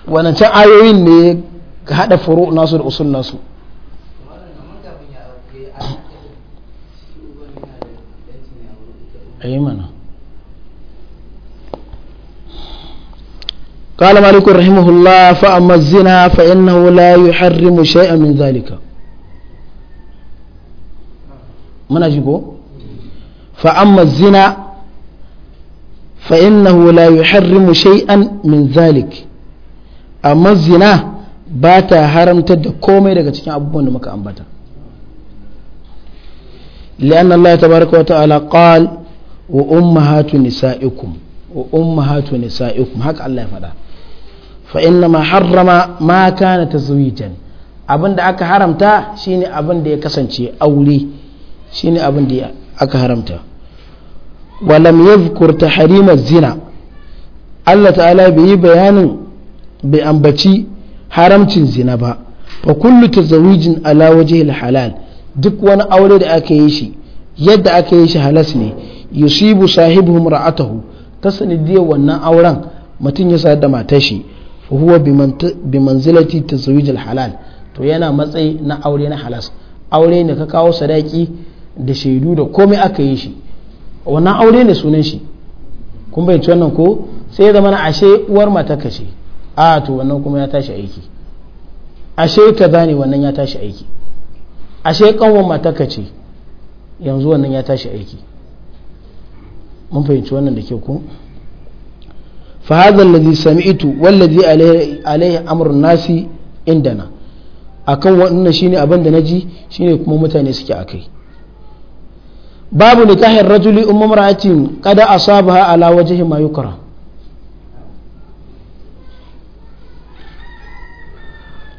wannan can ayoyin ne haɗa furu nasu da usul nasu ayi eh, mana قال مالك رحمه الله فأما الزنا فإنه لا يحرم شيئا من ذلك من أجيبه فأما الزنا fa innahu la yuharrimu shay'an min zalik amma zina ba ta haramta da komai daga cikin abubuwan da muka ambata lianna allah tabaraka wa ta'ala qal wa ummahatu nisa'ikum wa ummahatu nisa'ikum allah ya faɗa fa inna ma harrama ma kana tazwijan abinda aka haramta shine abinda ya kasance aure shine abinda aka haramta walam yadhkur tahrima zina Allah ta'ala bai yi bayanin bai ambaci haramcin zina ba fa kullu tazawijin ala halal duk wani aure da aka yi shi yadda aka yi shi halas ne yusibu sahibu ra'atahu ta sanidiyar wannan auren mutum ya sayar da matar shi huwa bi manzilati halal to yana matsayi na aure na halas aure ne ka kawo sadaki da shaidu da komai aka yi shi wannan aure ne sunan shi kun bai ci wannan ko sai ya zama ashe uwar mata kashe a to wannan kuma ya tashi aiki ashe kaza ne wannan ya tashi aiki ashe kanwan mata kace yanzu wannan ya tashi aiki mun fahimci wannan da ke ku fa hadha alladhi sami'tu wallazi alayhi alayhi amru nasi indana akan wannan shine abin da naji shine kuma mutane suke akai babu nikahin rajuli umma mar'atin kada asabaha ala wajhi ma yukra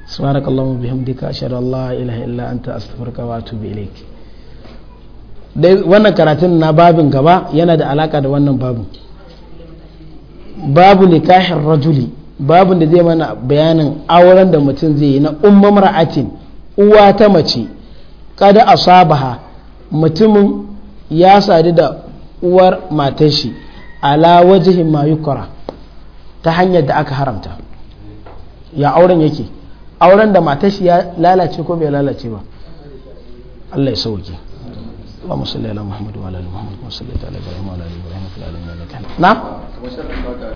سبحانك اللهم وبحمدك اشهد ان لا اله الا انت استغفرك واتوب اليك dai wannan karatun na babin gaba yana da alaka da wannan babin babu nikahin rajuli babin da zai mana bayanin auren da mutum zai yi na ummam ra'atin uwa ta mace kada asabaha mutumin ya sadu da uwar matar shi ala wajihin mayukura ta hanyar da aka haramta ya auren yake auren da matar shi ya lalace ko bai lalace ba Allah ya sauke اللهم صل على محمد وعلى ال محمد وسلم على ابراهيم wa ال ابراهيم wa العالمين انك نعم